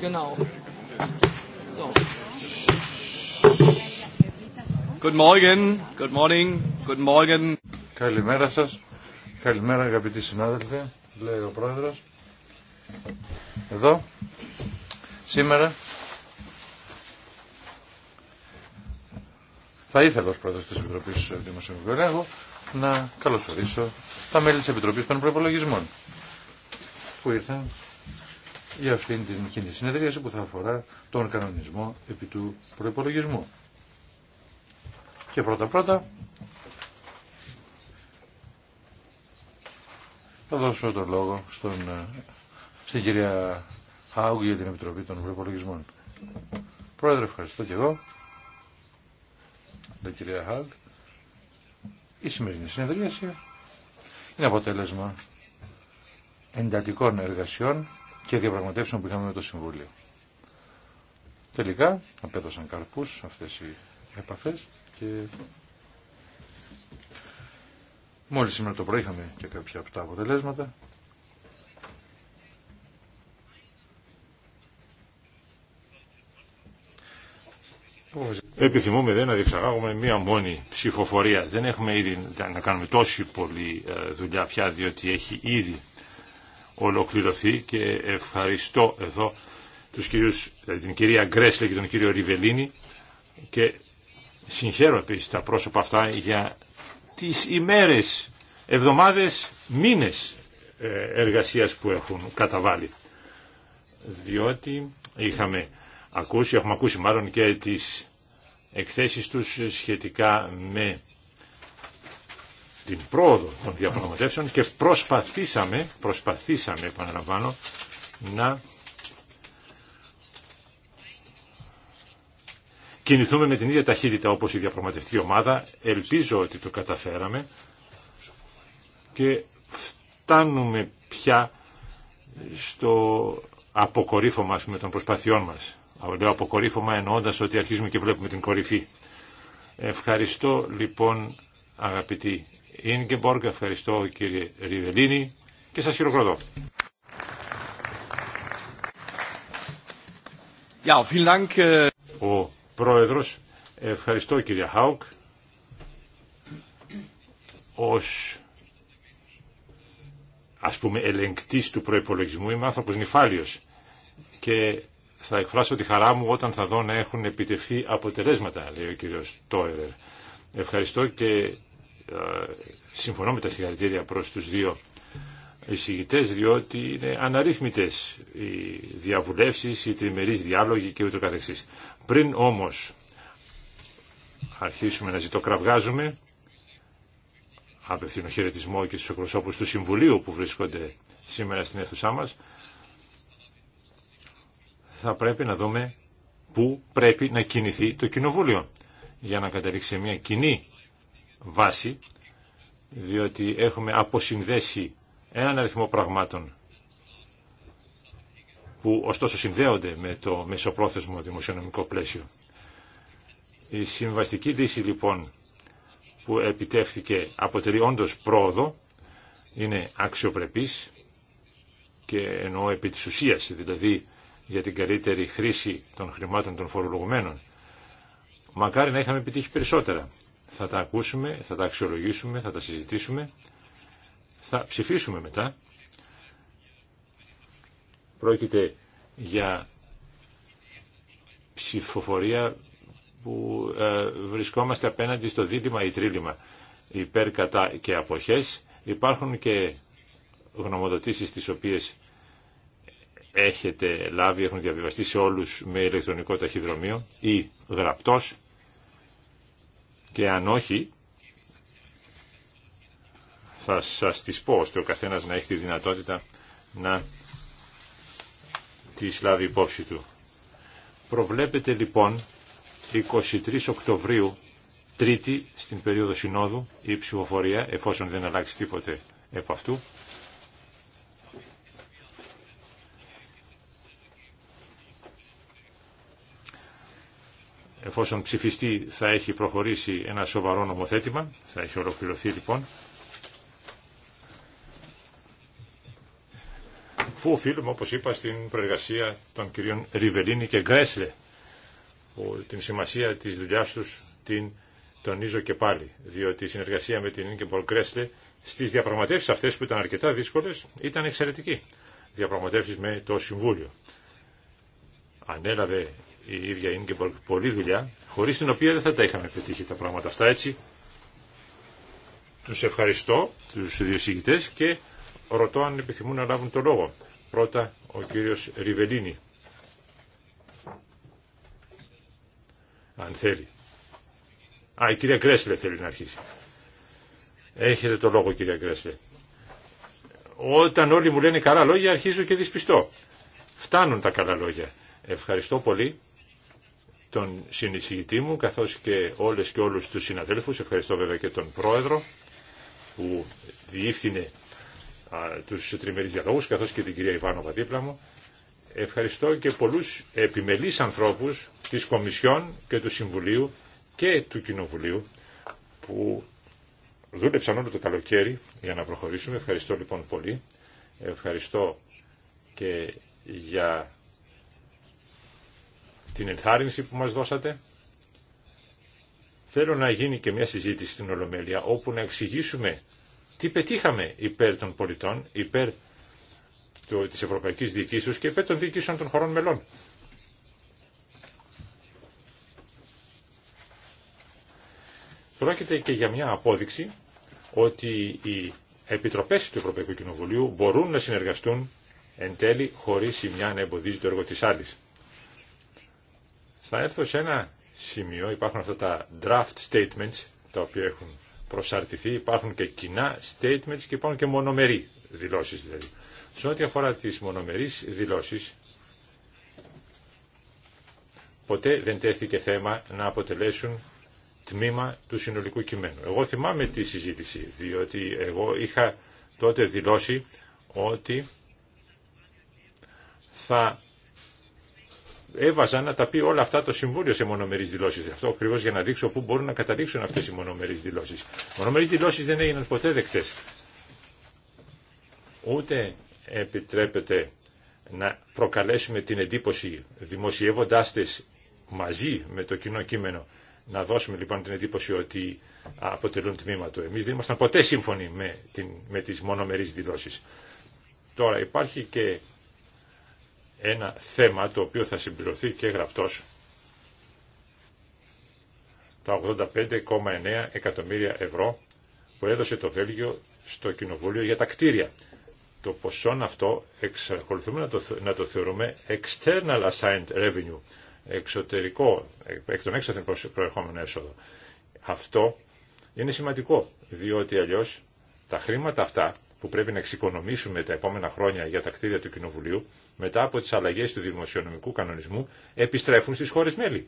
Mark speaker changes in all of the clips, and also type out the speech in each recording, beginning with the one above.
Speaker 1: Genau. So. Good morning. Good morning. Good morning. Καλημέρα σας. Καλημέρα αγαπητοί συνάδελφοι, λέει ο πρόεδρος. Εδώ, σήμερα, θα ήθελα ως πρόεδρος της Επιτροπής Δημοσίου Ελέγχου να καλωσορίσω τα μέλη της Επιτροπής των Προπολογισμών που ήρθαν για αυτήν την κοινή συνεδρίαση που θα αφορά τον κανονισμό επί του προϋπολογισμού. Και πρώτα πρώτα θα δώσω τον λόγο στον, στην κυρία Χάουγ για την Επιτροπή των Προϋπολογισμών. Πρόεδρε, ευχαριστώ και εγώ. Την κυρία Χάουγ. Η σημερινή συνεδρίαση είναι αποτέλεσμα εντατικών εργασιών και διαπραγματεύσεων που είχαμε με το Συμβούλιο. Τελικά απέδωσαν καρπούς αυτές οι επαφές και μόλις σήμερα το πρωί είχαμε και κάποια από τα αποτελέσματα.
Speaker 2: Επιθυμούμε δεν να διεξαγάγουμε μία μόνη ψηφοφορία. Δεν έχουμε ήδη να κάνουμε τόση πολλή ε, δουλειά πια, διότι έχει ήδη ολοκληρωθεί και ευχαριστώ εδώ τους κυρίους, ε, την κυρία Γκρέσλε και τον κύριο Ριβελίνη και συγχαίρω επίσης τα πρόσωπα αυτά για τις ημέρες, εβδομάδες, μήνες ε, εργασίας που έχουν καταβάλει. Διότι είχαμε ακούσει, έχουμε ακούσει μάλλον και τις εκθέσεις τους σχετικά με την πρόοδο των διαπραγματεύσεων και προσπαθήσαμε, προσπαθήσαμε επαναλαμβάνω, να κινηθούμε με την ίδια ταχύτητα όπως η διαπραγματευτική ομάδα. Ελπίζω ότι το καταφέραμε και φτάνουμε πια στο αποκορύφωμα με των προσπαθειών μας. Λέω αποκορύφωμα εννοώντας ότι αρχίζουμε και βλέπουμε την κορυφή. Ευχαριστώ λοιπόν αγαπητοί Ινγκεμπόργκ, ευχαριστώ κύριε Ριβελίνη και σας χειροκροτώ. Äh, ο Πρόεδρος, ευχαριστώ κύριε Χάουκ. Ως ας πούμε ελεγκτής του προϋπολογισμού είμαι άνθρωπος νυφάλιος και θα εκφράσω τη χαρά μου όταν θα δω να έχουν επιτευχθεί αποτελέσματα, λέει ο κύριος Τόερερ. Ευχαριστώ και ε, συμφωνώ με τα συγχαρητήρια προς τους δύο εισηγητές διότι είναι αναρρύθμιτες οι διαβουλεύσεις, οι τριμερείς διάλογοι και ούτω καθεξής. Πριν όμως αρχίσουμε να ζητοκραυγάζουμε, απευθύνω χαιρετισμό και στους εκπροσώπους του Συμβουλίου που βρίσκονται σήμερα στην αίθουσά μας, θα πρέπει να δούμε πού πρέπει να κινηθεί το Κοινοβούλιο για να καταλήξει σε μια κοινή βάση, διότι έχουμε αποσυνδέσει έναν αριθμό πραγμάτων που ωστόσο συνδέονται με το μεσοπρόθεσμο δημοσιονομικό πλαίσιο. Η συμβαστική λύση λοιπόν που επιτεύχθηκε αποτελεί όντως πρόοδο, είναι αξιοπρεπής και εννοώ επί της ουσίας, δηλαδή για την καλύτερη χρήση των χρημάτων των φορολογουμένων. Μακάρι να είχαμε επιτύχει περισσότερα θα τα ακούσουμε, θα τα αξιολογήσουμε, θα τα συζητήσουμε, θα ψηφίσουμε μετά. Πρόκειται για ψηφοφορία που ε, βρισκόμαστε απέναντι στο δίλημα ή τρίλημα υπέρ, κατά και αποχές. Υπάρχουν και γνωμοδοτήσεις τις οποίες έχετε λάβει, έχουν διαβιβαστεί σε όλους με ηλεκτρονικό ταχυδρομείο ή γραπτός και αν όχι θα σας τις πω ώστε ο καθένας να έχει τη δυνατότητα να τις λάβει υπόψη του. Προβλέπετε λοιπόν 23 Οκτωβρίου Τρίτη στην περίοδο συνόδου η ψηφοφορία εφόσον δεν αλλάξει τίποτε επ' αυτού εφόσον ψηφιστεί θα έχει προχωρήσει ένα σοβαρό νομοθέτημα, θα έχει ολοκληρωθεί λοιπόν, που οφείλουμε όπως είπα στην προεργασία των κυρίων Ριβελίνη και Γκρέσλε, που την σημασία της δουλειάς τους την τονίζω και πάλι, διότι η συνεργασία με την Ινκεμπορ Γκρέσλε στις διαπραγματεύσεις αυτές που ήταν αρκετά δύσκολες ήταν εξαιρετική. Διαπραγματεύσεις με το Συμβούλιο. Ανέλαβε η ίδια είναι και πολλή δουλειά, χωρίς την οποία δεν θα τα είχαμε πετύχει τα πράγματα αυτά έτσι. Τους ευχαριστώ, τους δύο και ρωτώ αν επιθυμούν να λάβουν το λόγο. Πρώτα ο κύριος Ριβελίνη. Αν θέλει. Α, η κυρία Κρέσλε θέλει να αρχίσει. Έχετε το λόγο κυρία Κρέσλε Όταν όλοι μου λένε καλά λόγια αρχίζω και δυσπιστώ. Φτάνουν τα καλά λόγια. Ευχαριστώ πολύ τον συνεισηγητή μου, καθώς και όλες και όλους τους συναδέλφους. Ευχαριστώ βέβαια και τον πρόεδρο που διήφθηνε τους τριμερείς διαλόγους, καθώς και την κυρία Ιβάνοβα δίπλα μου. Ευχαριστώ και πολλούς επιμελείς ανθρώπους της Κομισιόν και του Συμβουλίου και του Κοινοβουλίου που δούλεψαν όλο το καλοκαίρι για να προχωρήσουμε. Ευχαριστώ λοιπόν πολύ. Ευχαριστώ και για την ενθάρρυνση που μας δώσατε. Θέλω να γίνει και μια συζήτηση στην Ολομέλεια όπου να εξηγήσουμε τι πετύχαμε υπέρ των πολιτών, υπέρ της Ευρωπαϊκής Διοικήσεως και υπέρ των διοικήσεων των χωρών μελών. Πρόκειται και για μια απόδειξη ότι οι επιτροπές του Ευρωπαϊκού Κοινοβουλίου μπορούν να συνεργαστούν εν τέλει χωρίς η μια να εμποδίζει το έργο της άλλης. Θα έρθω σε ένα σημείο, υπάρχουν αυτά τα draft statements, τα οποία έχουν προσαρτηθεί, υπάρχουν και κοινά statements και υπάρχουν και μονομερεί δηλώσεις δηλαδή. Σε ό,τι αφορά τις μονομερείς δηλώσεις, ποτέ δεν τέθηκε θέμα να αποτελέσουν τμήμα του συνολικού κειμένου. Εγώ θυμάμαι τη συζήτηση, διότι εγώ είχα τότε δηλώσει ότι θα έβαζα να τα πει όλα αυτά το Συμβούλιο σε μονομερείς δηλώσεις. Αυτό ακριβώς για να δείξω πού μπορούν να καταλήξουν αυτές οι μονομερείς δηλώσεις. Μονομερείς δηλώσεις δεν έγιναν ποτέ δεκτές. Ούτε επιτρέπεται να προκαλέσουμε την εντύπωση δημοσιεύοντάς τις μαζί με το κοινό κείμενο να δώσουμε λοιπόν την εντύπωση ότι αποτελούν τμήμα του. Εμείς δεν ήμασταν ποτέ σύμφωνοι με, την, με τις μονομερείς δηλώσεις. Τώρα υπάρχει και ένα θέμα το οποίο θα συμπληρωθεί και γραπτός τα 85,9 εκατομμύρια ευρώ που έδωσε το Βέλγιο στο Κοινοβούλιο για τα κτίρια. Το ποσό αυτό εξακολουθούμε να το, να το θεωρούμε external assigned revenue, εξωτερικό, εκ των έξωθεν προερχόμενο έσοδο. Αυτό είναι σημαντικό, διότι αλλιώς τα χρήματα αυτά που πρέπει να εξοικονομήσουμε τα επόμενα χρόνια για τα κτίρια του Κοινοβουλίου, μετά από τις αλλαγές του δημοσιονομικού κανονισμού, επιστρέφουν στις χώρες μέλη.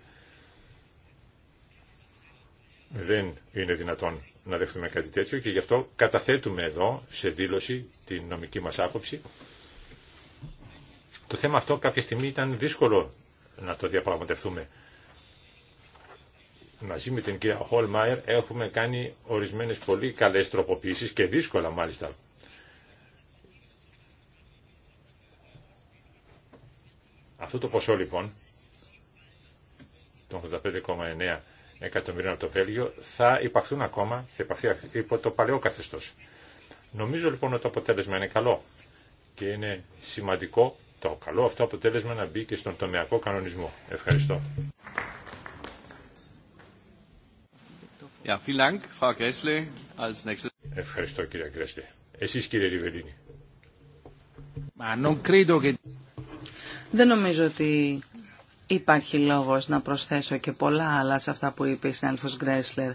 Speaker 2: Δεν είναι δυνατόν να δεχτούμε κάτι τέτοιο και γι' αυτό καταθέτουμε εδώ σε δήλωση την νομική μας άποψη. Το θέμα αυτό κάποια στιγμή ήταν δύσκολο να το διαπραγματευτούμε. Μαζί με την κυρία Χολμάιερ έχουμε κάνει ορισμένες πολύ καλές τροποποίησεις και δύσκολα μάλιστα Αυτό το ποσό λοιπόν, των 85,9 εκατομμυρίων από το Βέλγιο, θα υπαχθούν ακόμα, θα υπαχθεί υπό το παλαιό καθεστώς. Νομίζω λοιπόν ότι το αποτέλεσμα είναι καλό και είναι σημαντικό το καλό αυτό αποτέλεσμα να μπει και στον τομεακό κανονισμό. Ευχαριστώ. Ευχαριστώ κύριε Γκρέσλε. Εσείς κύριε Ριβελίνη.
Speaker 3: Δεν νομίζω ότι υπάρχει λόγος να προσθέσω και πολλά άλλα σε αυτά που είπε η Σνέλφος Γκρέσλερ,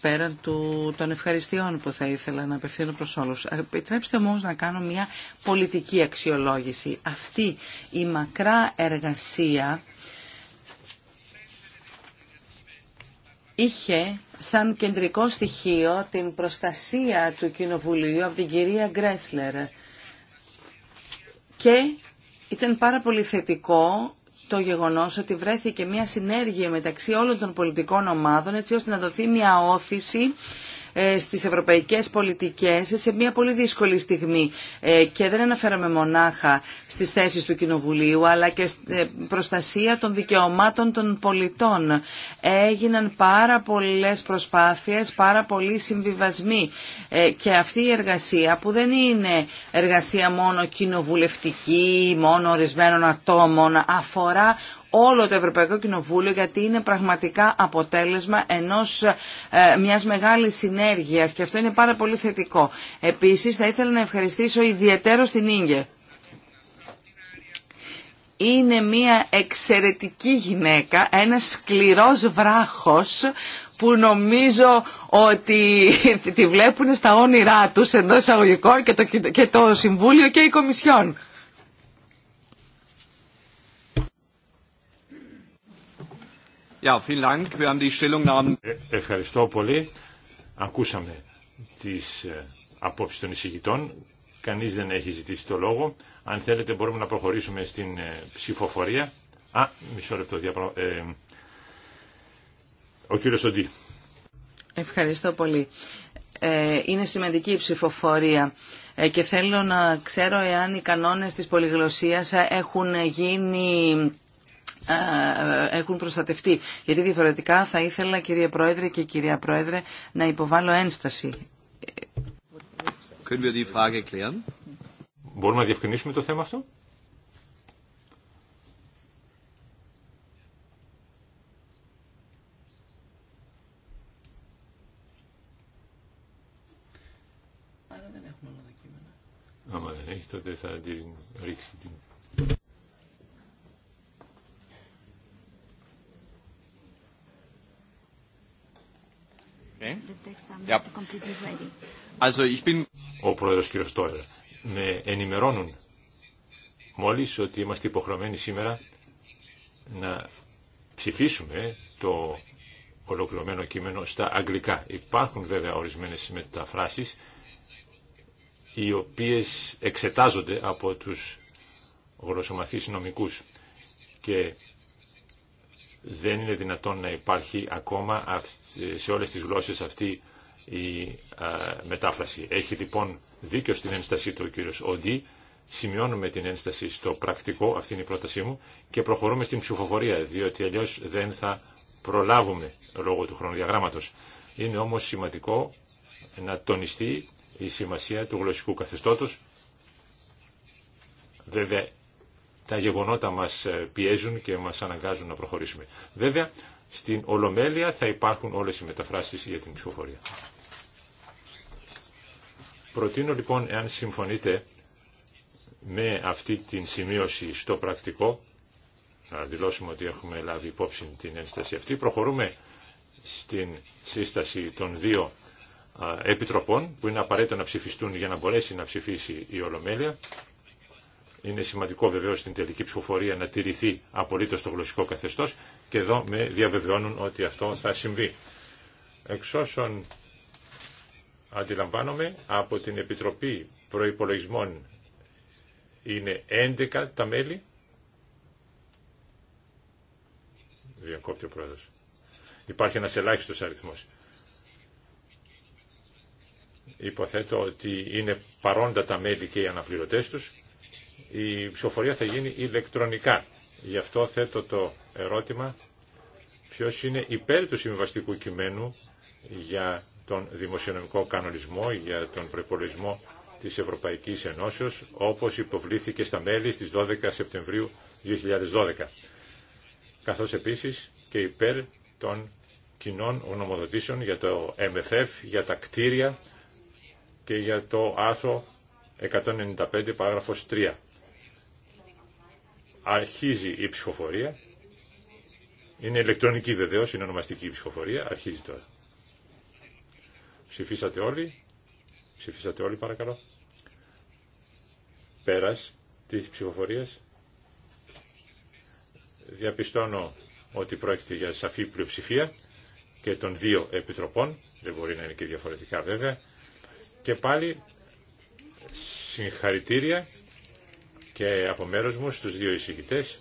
Speaker 3: πέραν του, των ευχαριστειών που θα ήθελα να απευθύνω προς όλους. Ε, επιτρέψτε μου όμως να κάνω μια πολιτική αξιολόγηση. Αυτή η μακρά εργασία είχε σαν κεντρικό στοιχείο την προστασία του Κοινοβουλίου από την κυρία Γκρέσλερ και ήταν πάρα πολύ θετικό το γεγονός ότι βρέθηκε μια συνέργεια μεταξύ όλων των πολιτικών ομάδων έτσι ώστε να δοθεί μια όθηση ε, στις ευρωπαϊκές πολιτικές σε μια πολύ δύσκολη στιγμή. Ε, και δεν αναφέραμε μονάχα στις θέσεις του Κοινοβουλίου, αλλά και ε, προστασία των δικαιωμάτων των πολιτών. Έγιναν πάρα πολλές προσπάθειες, πάρα πολλοί συμβιβασμοί. Και αυτή η εργασία που δεν είναι εργασία μόνο κοινοβουλευτική, μόνο ορισμένων ατόμων, αφορά όλο το Ευρωπαϊκό Κοινοβούλιο γιατί είναι πραγματικά αποτέλεσμα ενός, ε, μιας μεγάλης συνέργειας και αυτό είναι πάρα πολύ θετικό. Επίσης θα ήθελα να ευχαριστήσω ιδιαίτερο την Ίγκε. Είναι μια εξαιρετική γυναίκα, ένας σκληρός βράχος που νομίζω ότι τη βλέπουν στα όνειρά τους εντός εισαγωγικών και το, και το Συμβούλιο και η Κομισιόν.
Speaker 2: Ε, ευχαριστώ πολύ. Ακούσαμε τις ε, απόψει των εισηγητών. Κανείς δεν έχει ζητήσει το λόγο. Αν θέλετε μπορούμε να προχωρήσουμε στην ε, ψηφοφορία. Α, μισό λεπτό. Διαπρο... ο κύριος Σοντή.
Speaker 3: Ευχαριστώ πολύ. είναι σημαντική η ψηφοφορία και θέλω να ξέρω εάν οι κανόνες της πολυγλωσσίας έχουν γίνει ε, έχουν προστατευτεί. Γιατί διαφορετικά θα ήθελα κυρία Πρόεδρε και κυρία Πρόεδρε να υποβάλω ένσταση.
Speaker 2: Μπορούμε να διευκρινίσουμε το θέμα αυτό. Άμα δεν έχει τότε θα την ρίξει
Speaker 3: την Ε?
Speaker 2: Ο πρόεδρος κ. Στόλερ με ενημερώνουν μόλις ότι είμαστε υποχρεωμένοι σήμερα να ψηφίσουμε το ολοκληρωμένο κείμενο στα αγγλικά. Υπάρχουν βέβαια ορισμένες μεταφράσεις οι οποίες εξετάζονται από τους γλωσσομαθείς νομικούς και δεν είναι δυνατόν να υπάρχει ακόμα σε όλες τις γλώσσες αυτή η μετάφραση. Έχει λοιπόν δίκιο στην ένσταση του ο κύριος Οντί. Σημειώνουμε την ένσταση στο πρακτικό, αυτή είναι η πρότασή μου, και προχωρούμε στην ψηφοφορία, διότι αλλιώς δεν θα προλάβουμε λόγω του χρονοδιαγράμματος. Είναι όμως σημαντικό να τονιστεί η σημασία του γλωσσικού καθεστώτος. Βέβαια τα γεγονότα μας ε, πιέζουν και μας αναγκάζουν να προχωρήσουμε. Βέβαια, στην Ολομέλεια θα υπάρχουν όλες οι μεταφράσεις για την ψηφοφορία. Προτείνω λοιπόν, εάν συμφωνείτε με αυτή την σημείωση στο πρακτικό, να δηλώσουμε ότι έχουμε λάβει υπόψη την ένσταση αυτή, προχωρούμε στην σύσταση των δύο επιτροπών που είναι απαραίτητο να ψηφιστούν για να μπορέσει να ψηφίσει η Ολομέλεια είναι σημαντικό βεβαίω στην τελική ψηφοφορία να τηρηθεί απολύτω το γλωσσικό καθεστώ και εδώ με διαβεβαιώνουν ότι αυτό θα συμβεί. Εξ όσων αντιλαμβάνομαι, από την Επιτροπή Προπολογισμών είναι 11 τα μέλη. Διακόπτει ο πρόεδρος. Υπάρχει ένας ελάχιστος αριθμός. Υποθέτω ότι είναι παρόντα τα μέλη και οι αναπληρωτές τους η ψηφοφορία θα γίνει ηλεκτρονικά. Γι' αυτό θέτω το ερώτημα ποιος είναι υπέρ του συμβαστικού κειμένου για τον δημοσιονομικό κανονισμό, για τον προπολογισμό της Ευρωπαϊκής Ενώσεως, όπως υποβλήθηκε στα μέλη στις 12 Σεπτεμβρίου 2012, καθώς επίσης και υπέρ των κοινών γνωμοδοτήσεων για το MFF, για τα κτίρια και για το άρθρο 195 παράγραφος 3. Αρχίζει η ψηφοφορία. Είναι ηλεκτρονική βεβαίω, είναι ονομαστική η ψηφοφορία. Αρχίζει τώρα. Ψηφίσατε όλοι. Ψηφίσατε όλοι παρακαλώ. Πέρας τη ψηφοφορία. Διαπιστώνω ότι πρόκειται για σαφή πλειοψηφία και των δύο επιτροπών. Δεν μπορεί να είναι και διαφορετικά βέβαια. Και πάλι συγχαρητήρια και από μέρος μου στους δύο εισηγητές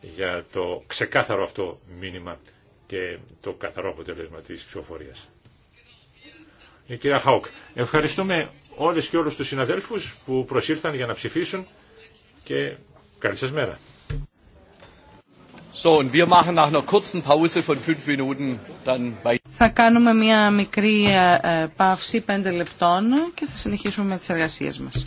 Speaker 2: για το ξεκάθαρο αυτό μήνυμα και το καθαρό αποτέλεσμα της ψηφοφορίας. Ε, κυρία Χαουκ, ευχαριστούμε όλες και όλους τους συναδέλφους που προσήλθαν για να ψηφίσουν και καλή σας μέρα.
Speaker 3: Θα κάνουμε μια μικρή ε, ε, παύση πέντε λεπτών και θα συνεχίσουμε με τις εργασίες μας.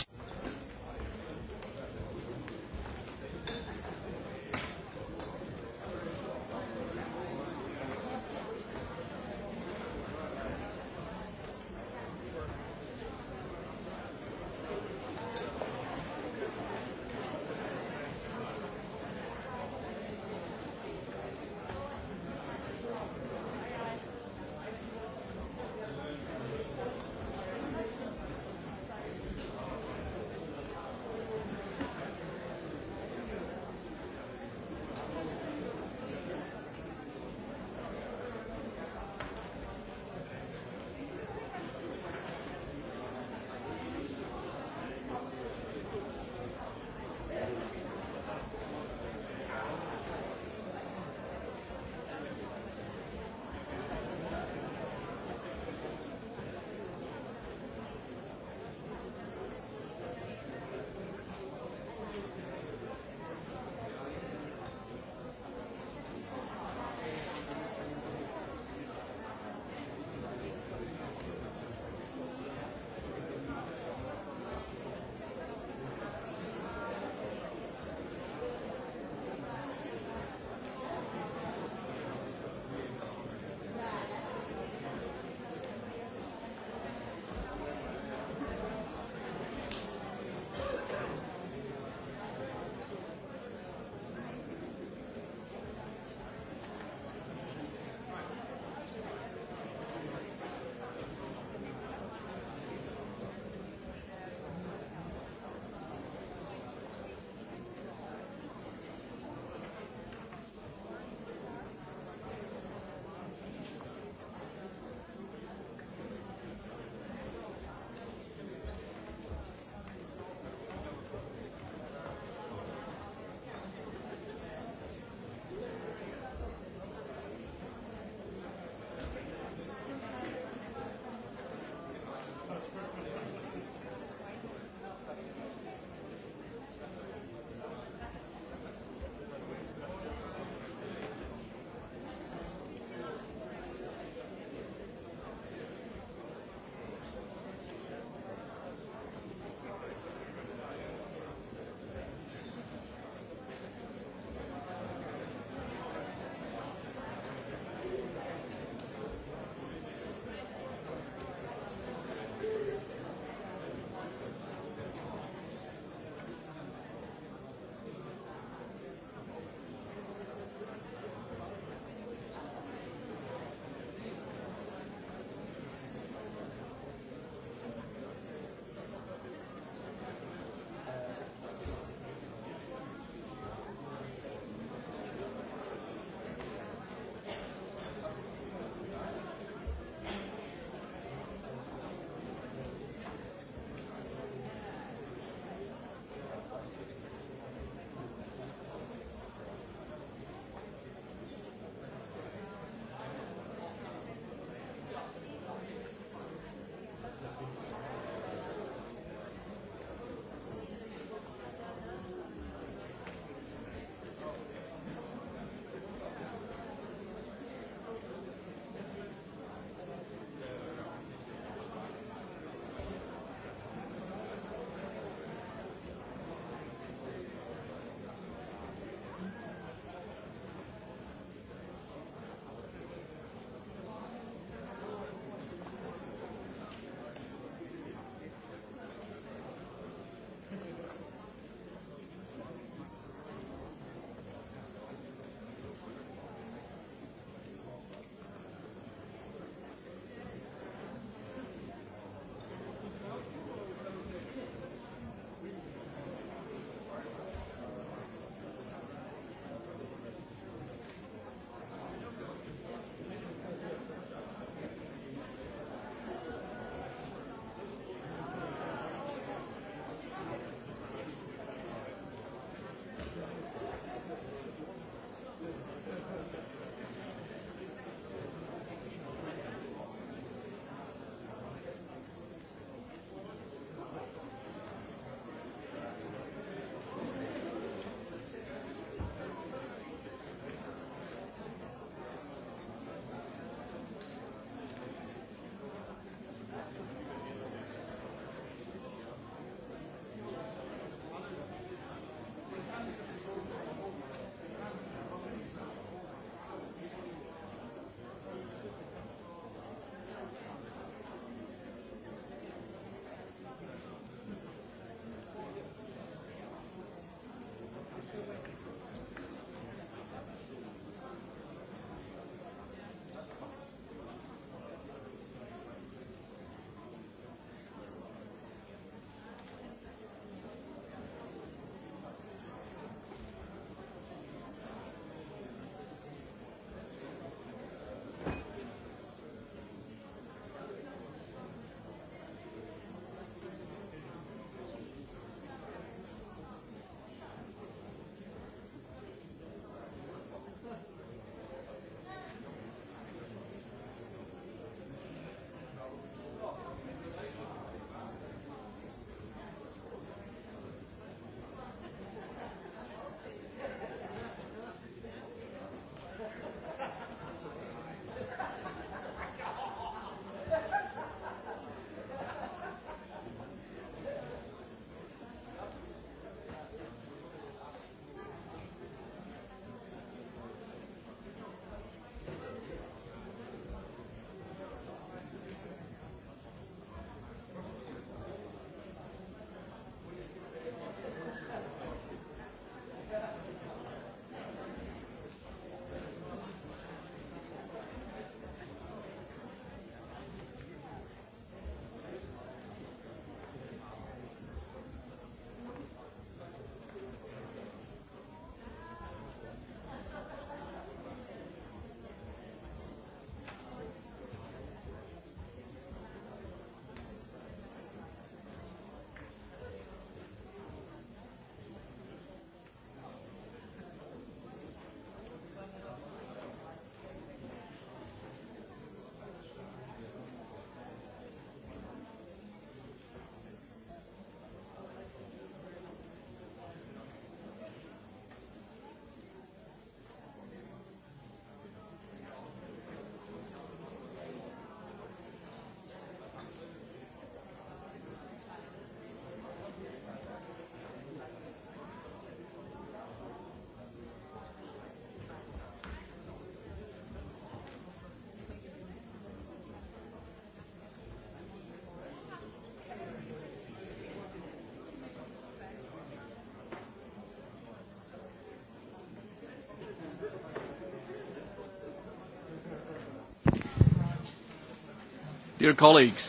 Speaker 3: Dear colleagues.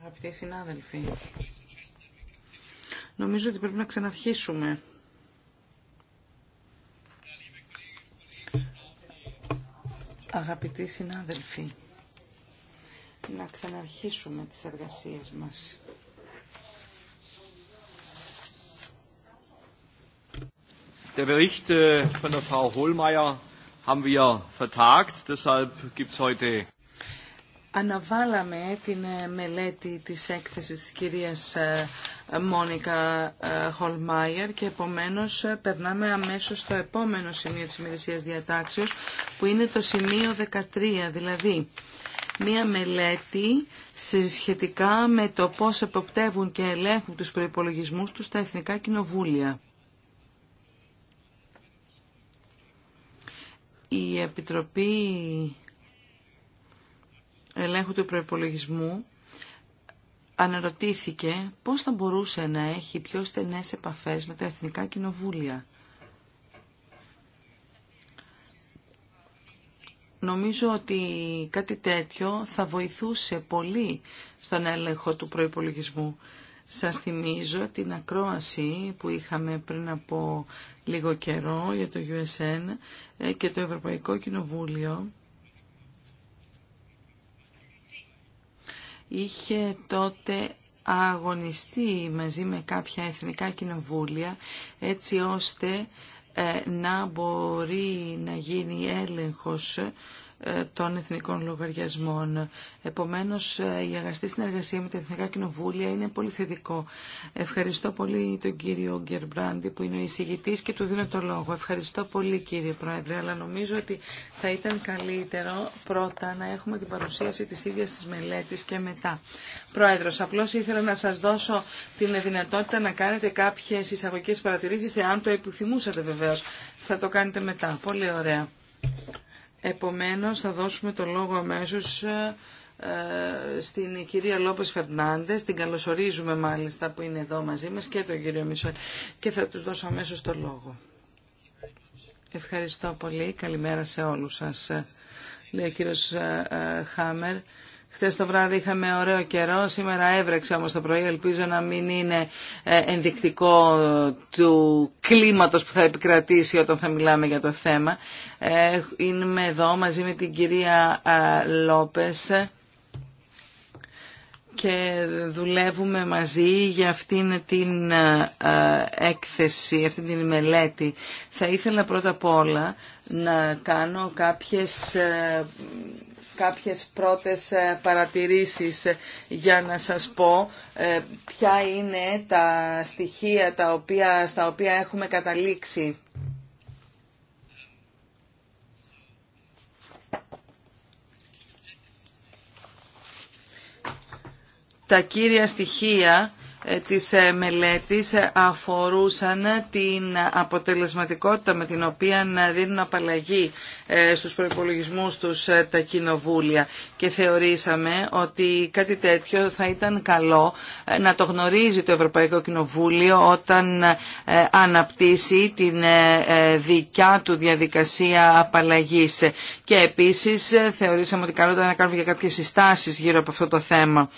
Speaker 3: Αγαπητοί συνάδελφοι, νομίζω ότι πρέπει να ξαναρχίσουμε. Αγαπητοί συνάδελφοι, να ξαναρχίσουμε τις εργασίες μας. Der Bericht äh, von der Frau Hohlmeier haben wir vertagt, deshalb heute Αναβάλαμε την ε, μελέτη της έκθεσης της κυρίας ε, Μόνικα ε, Χολμάιερ και επομένως περνάμε αμέσως στο επόμενο σημείο της ημερησίας διατάξεως που είναι το σημείο 13, δηλαδή μία μελέτη σχετικά με το πώς εποπτεύουν και ελέγχουν τους προϋπολογισμούς τους στα Εθνικά Κοινοβούλια. η Επιτροπή Ελέγχου του Προϋπολογισμού αναρωτήθηκε πώς θα μπορούσε να έχει πιο στενές επαφές με τα εθνικά κοινοβούλια. Νομίζω ότι κάτι τέτοιο θα βοηθούσε πολύ στον έλεγχο του προϋπολογισμού. Σας θυμίζω την ακρόαση που είχαμε πριν από λίγο καιρό για το USN ε, και το Ευρωπαϊκό Κοινοβούλιο είχε τότε αγωνιστεί μαζί με κάποια εθνικά κοινοβούλια έτσι ώστε ε, να μπορεί να γίνει έλεγχος ε, των εθνικών λογαριασμών. Επομένω, ε, η αγαστή συνεργασία με τα εθνικά κοινοβούλια είναι πολύ θετικό. Ευχαριστώ πολύ τον κύριο Γκερμπράντι που είναι ο εισηγητή και του δίνω το λόγο. Ευχαριστώ πολύ κύριε Πρόεδρε, αλλά νομίζω ότι θα ήταν καλύτερο πρώτα να έχουμε την παρουσίαση τη ίδια τη μελέτη και μετά. Προεδρο, απλώ ήθελα να σα δώσω την δυνατότητα να κάνετε κάποιε εισαγωγικέ παρατηρήσει εάν το επιθυμούσατε βεβαίω. Θα το κάνετε μετά. Πολύ ωραία. Επομένως θα δώσουμε το λόγο αμέσως ε, ε, στην κυρία Λόπες Φερνάντες, την καλωσορίζουμε μάλιστα που είναι εδώ μαζί μας και τον κύριο Μισό και θα τους δώσω αμέσως το λόγο. Ευχαριστώ πολύ. Καλημέρα σε όλους σας. Ε, λέει ο κύριος Χάμερ. Χθε το βράδυ είχαμε ωραίο καιρό, σήμερα έβρεξε όμως το πρωί, ελπίζω να μην είναι ε, ενδεικτικό του κλίματος που θα επικρατήσει όταν θα μιλάμε για το θέμα. Ε, είμαι εδώ μαζί με την κυρία Λόπες και δουλεύουμε μαζί για αυτήν την έκθεση, αυτήν την μελέτη. Θα ήθελα πρώτα απ' όλα να κάνω κάποιες ε, κάποιες πρώτες ε, παρατηρήσεις ε, για να σας πω ε, ποια είναι τα στοιχεία τα οποία, στα οποία έχουμε καταλήξει. Τα κύρια στοιχεία ε, της ε, μελέτης αφορούσαν την αποτελεσματικότητα με την οποία δίνουν απαλλαγή ε, στους προϋπολογισμούς τους τα κοινοβούλια και θεωρήσαμε ότι κάτι τέτοιο θα ήταν καλό να το γνωρίζει το Ευρωπαϊκό Κοινοβούλιο όταν αναπτύσσει την δικιά του διαδικασία απαλλαγής και επίσης θεωρήσαμε ότι καλό ήταν να κάνουμε και κάποιες συστάσεις γύρω από αυτό το θέμα.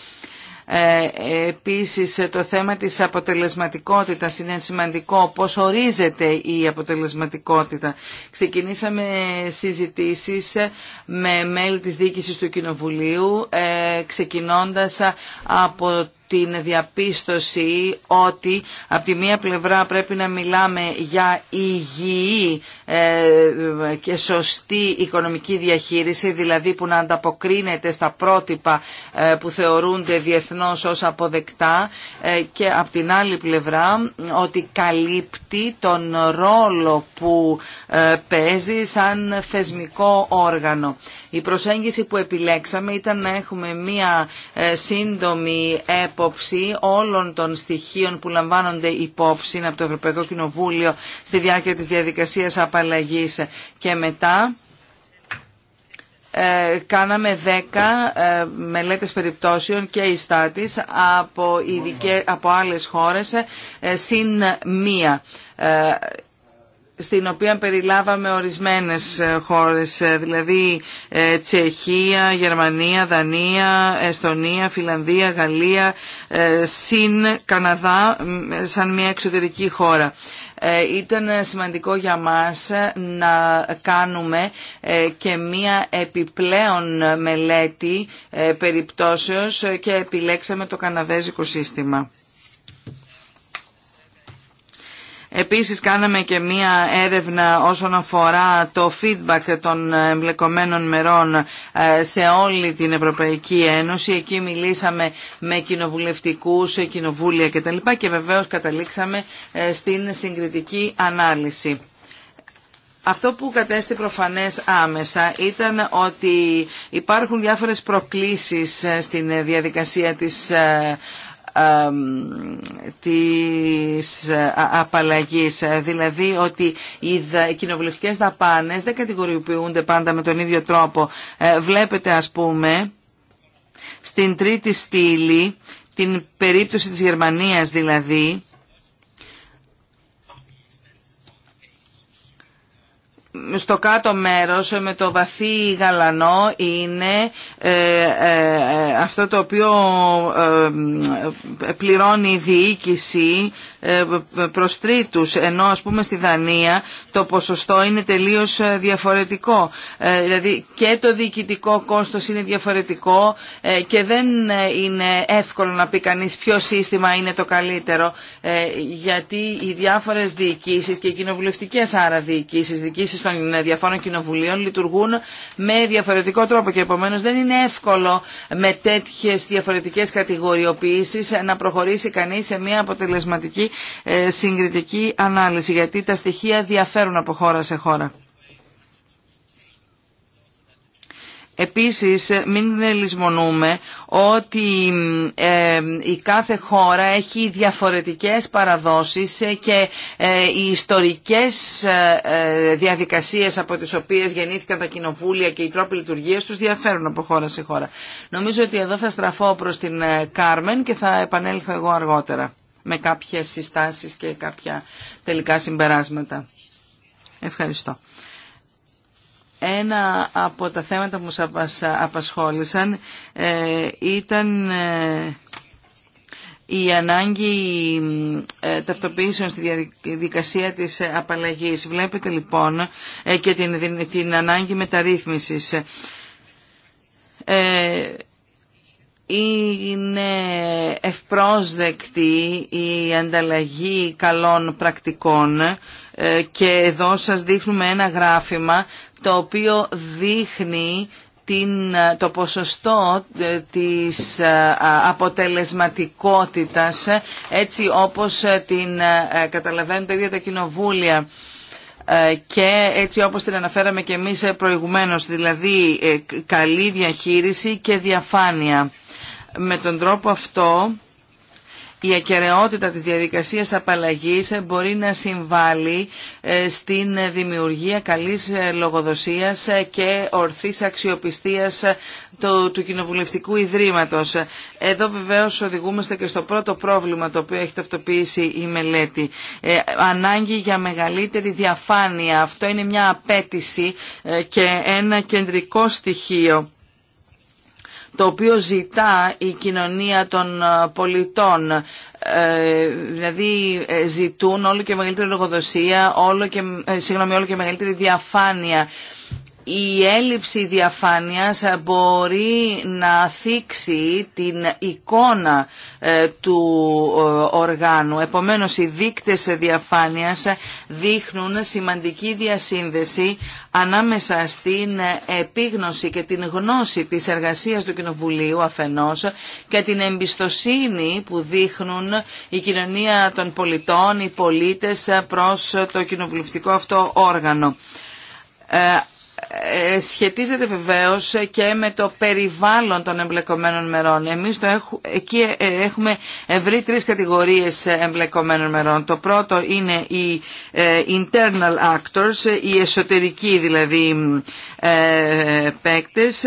Speaker 3: Ε, επίσης το θέμα της αποτελεσματικότητας είναι σημαντικό. Πώς ορίζεται η αποτελεσματικότητα. Ξεκινήσαμε συζητήσεις με μέλη της διοίκησης του Κοινοβουλίου ε, ξεκινώντας από την διαπίστωση ότι από τη μία πλευρά πρέπει να μιλάμε για υγιή ε, και σωστή οικονομική διαχείριση, δηλαδή που να ανταποκρίνεται στα πρότυπα ε, που θεωρούνται διεθνώς ως αποδεκτά ε, και από την άλλη πλευρά ότι καλύπτει τον ρόλο που παίζει σαν θεσμικό όργανο. Η προσέγγιση που επιλέξαμε ήταν να έχουμε μία ε, σύντομη έποψη όλων των στοιχείων που λαμβάνονται υπόψη από το Ευρωπαϊκό Κοινοβούλιο στη διάρκεια της διαδικασίας απαλλαγής και μετά ε, κάναμε 10 ε, μελέτες περιπτώσεων και ιστάτης από, ειδικές, από άλλες χώρες συν μία στην οποία περιλάβαμε ορισμένες ε, χώρες, ε, δηλαδή ε, Τσεχία, Γερμανία, Δανία, Εστονία, Φιλανδία, Γαλλία, συν Καναδά σαν μια εξωτερική χώρα. Ήταν σημαντικό για μας να κάνουμε και μία επιπλέον μελέτη περιπτώσεως και επιλέξαμε το καναδέζικο σύστημα. Επίσης κάναμε και μία έρευνα όσον αφορά το feedback των εμπλεκομένων μερών ε, σε όλη την Ευρωπαϊκή Ένωση. Εκεί μιλήσαμε με κοινοβουλευτικούς, κοινοβούλια κτλ. Και βεβαίως καταλήξαμε ε, στην συγκριτική ανάλυση. Αυτό που κατέστη προφανές άμεσα ήταν ότι υπάρχουν διάφορες προκλήσεις ε, στην διαδικασία της της ε, απαλλαγής. Δηλαδή ότι οι κοινοβουλευτικές δαπάνες δεν κατηγοριοποιούνται πάντα με τον ίδιο τρόπο. Ε, βλέπετε ας πούμε στην τρίτη στήλη, την περίπτωση της Γερμανίας δηλαδή, στο κάτω μέρος με το βαθύ γαλανό είναι ε, ε, ε, αυτό το οποίο πληρώνει η διοίκηση προς τρίτους ενώ ας πούμε στη Δανία το ποσοστό είναι τελείως διαφορετικό δηλαδή και το διοικητικό κόστος είναι διαφορετικό και δεν είναι εύκολο να πει κανείς ποιο σύστημα είναι το καλύτερο γιατί οι διάφορες διοικήσεις και οι κοινοβουλευτικές άρα διοικήσεις, διοικήσεις των διαφόρων κοινοβουλίων λειτουργούν με διαφορετικό τρόπο και επομένως δεν είναι εύκολο με τέτοιες διαφορετικές κατηγοριοποιήσεις να προχωρήσει κανείς σε μια αποτελεσματική ε, συγκριτική ανάλυση γιατί τα στοιχεία διαφέρουν από χώρα σε χώρα. Επίσης μην λησμονούμε ότι ε, η κάθε χώρα έχει διαφορετικές παραδόσεις και ε, οι ιστορικές ε, διαδικασίες από τις οποίες γεννήθηκαν τα κοινοβούλια και οι τρόποι λειτουργίας τους διαφέρουν από χώρα σε χώρα. Νομίζω ότι εδώ θα στραφώ προς την Κάρμεν και θα επανέλθω εγώ αργότερα με κάποιες συστάσεις και κάποια τελικά συμπεράσματα. Ευχαριστώ. Ένα από τα θέματα που μας απασχόλησαν ε, ήταν ε, η ανάγκη ε, ταυτοποίησεων στη διαδικασία της απαλλαγής. Βλέπετε λοιπόν και την, την ανάγκη μεταρρύθμισης. Είναι ευπρόσδεκτη η ανταλλαγή καλών πρακτικών ε, και εδώ σας δείχνουμε ένα γράφημα το οποίο δείχνει την, ε, το ποσοστό ε, της αποτελεσματικότητας έτσι όπως την καταλαβαίνουν τα ίδια τα κοινοβούλια και έτσι όπως την αναφέραμε και εμείς προηγουμένως, δηλαδή καλή διαχείριση και διαφάνεια. Με τον τρόπο αυτό η ακεραιότητα της διαδικασίας απαλλαγής μπορεί να συμβάλλει ε, στην δημιουργία καλής ε, λογοδοσίας ε, και ορθής αξιοπιστίας του Κοινοβουλευτικού Ιδρύματος. Εδώ βεβαίως οδηγούμαστε και στο πρώτο πρόβλημα το οποίο έχει ταυτοποιήσει η μελέτη. Ανάγκη για μεγαλύτερη διαφάνεια. Αυτό είναι μια απέτηση και ένα κεντρικό στοιχείο το οποίο ζητά η κοινωνία των ε, πολιτών. Ε, δηλαδή ε, ζητούν όλο και μεγαλύτερη λογοδοσία, όλο και, συγγνώμη, όλο και μεγαλύτερη διαφάνεια η έλλειψη διαφάνειας μπορεί να θίξει την εικόνα ε, του ε, οργάνου. Επομένως, οι δείκτες διαφάνειας δείχνουν σημαντική διασύνδεση ανάμεσα στην επίγνωση και την γνώση της εργασίας του Κοινοβουλίου αφενός και την εμπιστοσύνη που δείχνουν η κοινωνία των πολιτών, οι πολίτες προς το κοινοβουλευτικό αυτό όργανο ε, ε, σχετίζεται βεβαίως και με το περιβάλλον των εμπλεκομένων μερών. Εμείς το ε, ε, έχουμε, εκεί έχουμε βρει τρεις κατηγορίες εμπλεκομένων μερών. Το πρώτο είναι οι internal actors, οι εσωτερικοί δηλαδή ε, παίκτες,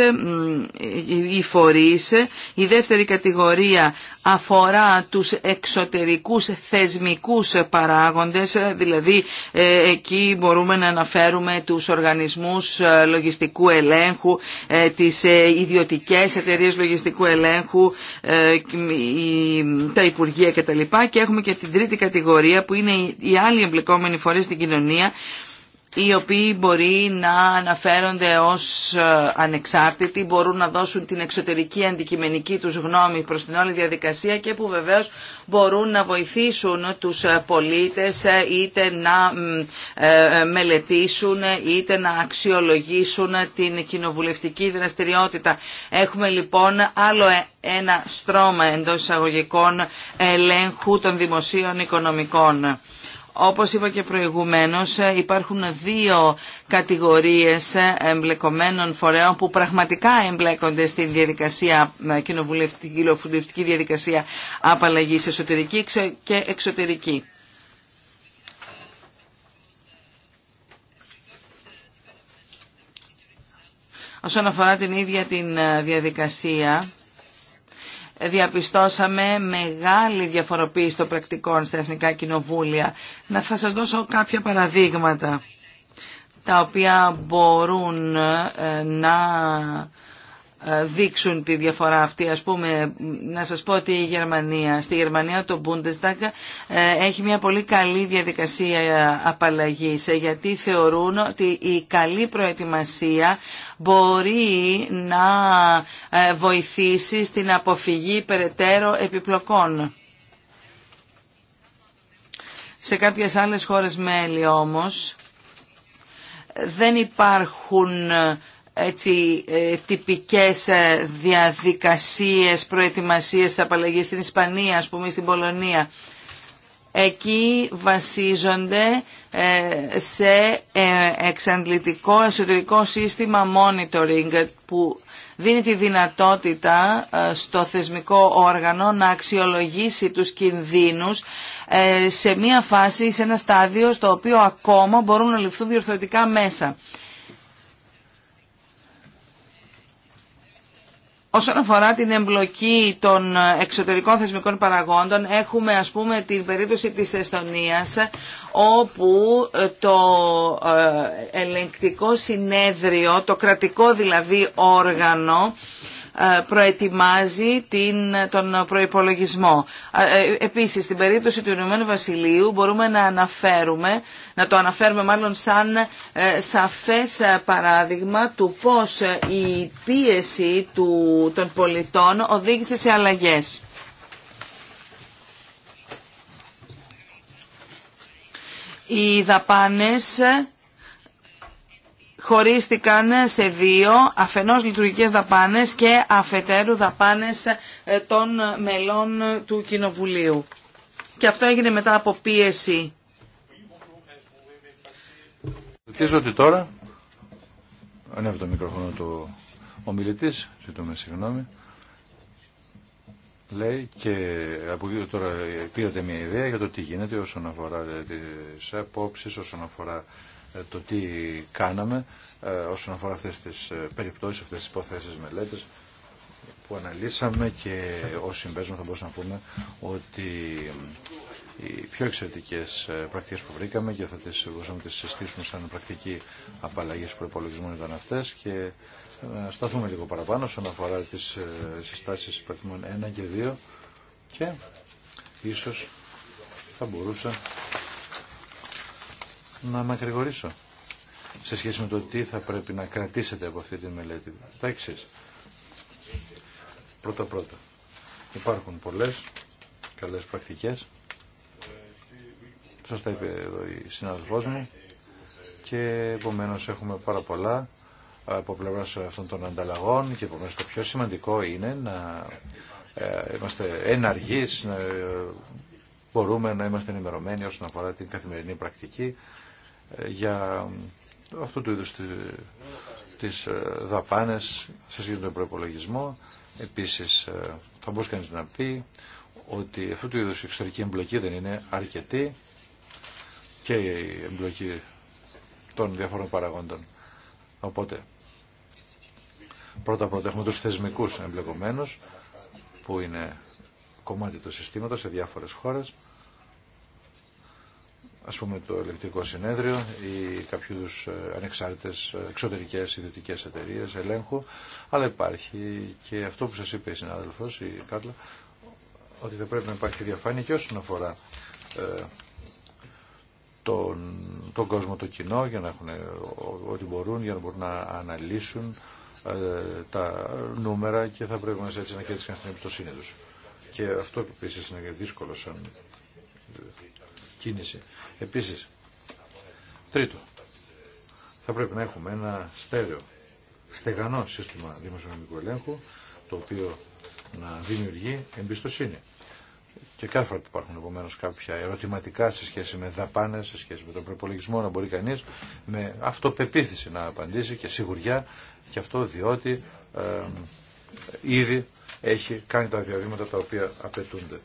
Speaker 3: οι φορείς. Η δεύτερη κατηγορία αφορά τους εξωτερικούς θεσμικούς παράγοντες, δηλαδή ε, εκεί μπορούμε να αναφέρουμε τους οργανισμούς ε, λογιστικού ελέγχου, τις ιδιωτικές εταιρείες λογιστικού ελέγχου, τα Υπουργεία κτλ. Και έχουμε και την τρίτη κατηγορία που είναι οι άλλοι εμπλεκόμενοι φορείς στην κοινωνία, οι οποίοι μπορεί να αναφέρονται ως ε, ανεξάρτητοι, μπορούν να δώσουν την εξωτερική αντικειμενική τους γνώμη προς την όλη διαδικασία και που βεβαίως μπορούν να βοηθήσουν τους ε, πολίτες ε, είτε να μελετήσουν είτε να αξιολογήσουν την κοινοβουλευτική δραστηριότητα. Έχουμε λοιπόν άλλο ένα στρώμα εντός εισαγωγικών ελέγχου των δημοσίων οικονομικών. Όπως είπα και προηγουμένως, ε, υπάρχουν δύο κατηγορίες ε, εμπλεκομένων φορέων που πραγματικά εμπλέκονται στην διαδικασία, ε, κοινοβουλευτική διαδικασία απαλλαγής εσωτερική και εξωτερική. Όσον αφορά την ίδια την διαδικασία, διαπιστώσαμε μεγάλη διαφοροποίηση των πρακτικών στα Εθνικά Κοινοβούλια. Να θα σας δώσω κάποια παραδείγματα τα οποία μπορούν ε, να ε, δείξουν τη διαφορά αυτή. Ας πούμε, να σας πω ότι η Γερμανία, στη Γερμανία το Bundestag ε, έχει μια πολύ καλή διαδικασία απαλλαγής, ε, γιατί θεωρούν ότι η καλή προετοιμασία μπορεί να βοηθήσει στην αποφυγή περαιτέρω επιπλοκών. Σε κάποιες άλλες χώρες μέλη όμως δεν υπάρχουν έτσι, ε, τυπικές ε, διαδικασίες προετοιμασίες της απαλλαγής στην Ισπανία, ας πούμε, στην Πολωνία. Εκεί βασίζονται ε, σε εξαντλητικό εσωτερικό σύστημα monitoring που δίνει τη δυνατότητα στο θεσμικό όργανο να αξιολογήσει τους κινδύνους σε μία φάση, σε ένα στάδιο στο οποίο ακόμα μπορούν να ληφθούν διορθωτικά μέσα. Όσον αφορά την εμπλοκή των εξωτερικών θεσμικών παραγόντων, έχουμε ας πούμε την περίπτωση της Εστονίας, όπου ε, το ε, ελεγκτικό συνέδριο, το κρατικό δηλαδή όργανο, ε, προετοιμάζει την, τον προϋπολογισμό. Ε, επίσης, στην περίπτωση του Ηνωμένου Βασιλείου μπορούμε να αναφέρουμε, να το αναφέρουμε μάλλον σαν ε, σαφές παράδειγμα του πώς η πίεση του, των πολιτών οδήγησε σε αλλαγές. Οι δαπάνες χωρίστηκαν σε δύο αφενός λειτουργικές δαπάνες και αφετέρου δαπάνες ε, των μελών του Κοινοβουλίου. Και αυτό έγινε μετά από πίεση. Ελπίζω
Speaker 1: ότι τώρα ανέβει το μικρόφωνο του ομιλητής, ζητούμε συγγνώμη, λέει και από τώρα πήρατε μια ιδέα για το τι γίνεται όσον αφορά τις απόψεις, όσον αφορά ε, το τι κάναμε ε, όσον αφορά αυτές τις ε, περιπτώσεις, αυτές τις υποθέσεις μελέτες που αναλύσαμε και ως συμπέσμα θα μπορούσαμε να πούμε ότι οι πιο εξαιρετικέ πρακτικέ που βρήκαμε και θα τις μπορούσαμε να συστήσουμε σαν πρακτική απαλλαγή προπολογισμών ήταν αυτές και να σταθούμε λίγο παραπάνω όσον αφορά τις συστάσεις υπαριθμών 1 και 2 και ίσως θα μπορούσα να μακρηγορήσω σε σχέση με το τι θα πρέπει να κρατήσετε από αυτή τη μελέτη. Τα εξή. Πρώτα πρώτα. Υπάρχουν πολλές καλές πρακτικές. Σας τα είπε εδώ η συναδελφός μου. Και επομένω έχουμε πάρα πολλά από πλευρά αυτών των ανταλλαγών και επομένω το πιο σημαντικό είναι να ε, είμαστε εναργείς, να ε, μπορούμε να είμαστε ενημερωμένοι όσον αφορά την καθημερινή πρακτική ε, για αυτού του είδους τις ε, δαπάνες σε σχέση με τον προπολογισμό. Επίσης ε, θα μπορούσε κανείς να πει ότι αυτού του είδους η εξωτερική εμπλοκή δεν είναι αρκετή και η εμπλοκή των διαφορών παραγόντων. Οπότε, πρώτα πρώτα έχουμε τους θεσμικούς εμπλεκομένους που είναι κομμάτι του συστήματος σε διάφορες χώρες ας πούμε το ηλεκτρικό συνέδριο ή κάποιου ε, ανεξάρτητες ε, εξωτερικές ιδιωτικές εταιρείες ελέγχου, αλλά υπάρχει και αυτό που σας είπε η συνάδελφος, η Κάρλα, ότι θα πρέπει να υπάρχει διαφάνεια και όσον αφορά ε, τον, τον κόσμο, το κοινό, για να έχουν ό,τι μπορούν, για να μπορούν να αναλύσουν τα νούμερα και θα πρέπει να έτσι να κέρδισαν στην Και αυτό επίση είναι δύσκολο σαν κίνηση. Επίσης, τρίτο, θα πρέπει να έχουμε ένα στέρεο, στεγανό σύστημα δημοσιονομικού ελέγχου, το οποίο να δημιουργεί εμπιστοσύνη. Και κάθε φορά που υπάρχουν επομένω κάποια ερωτηματικά σε σχέση με δαπάνε, σε σχέση με τον προπολογισμό, να μπορεί κανεί με αυτοπεποίθηση να απαντήσει και σιγουριά και αυτό διότι ε, ε, ήδη έχει κάνει τα διαβήματα τα οποία απαιτούνται.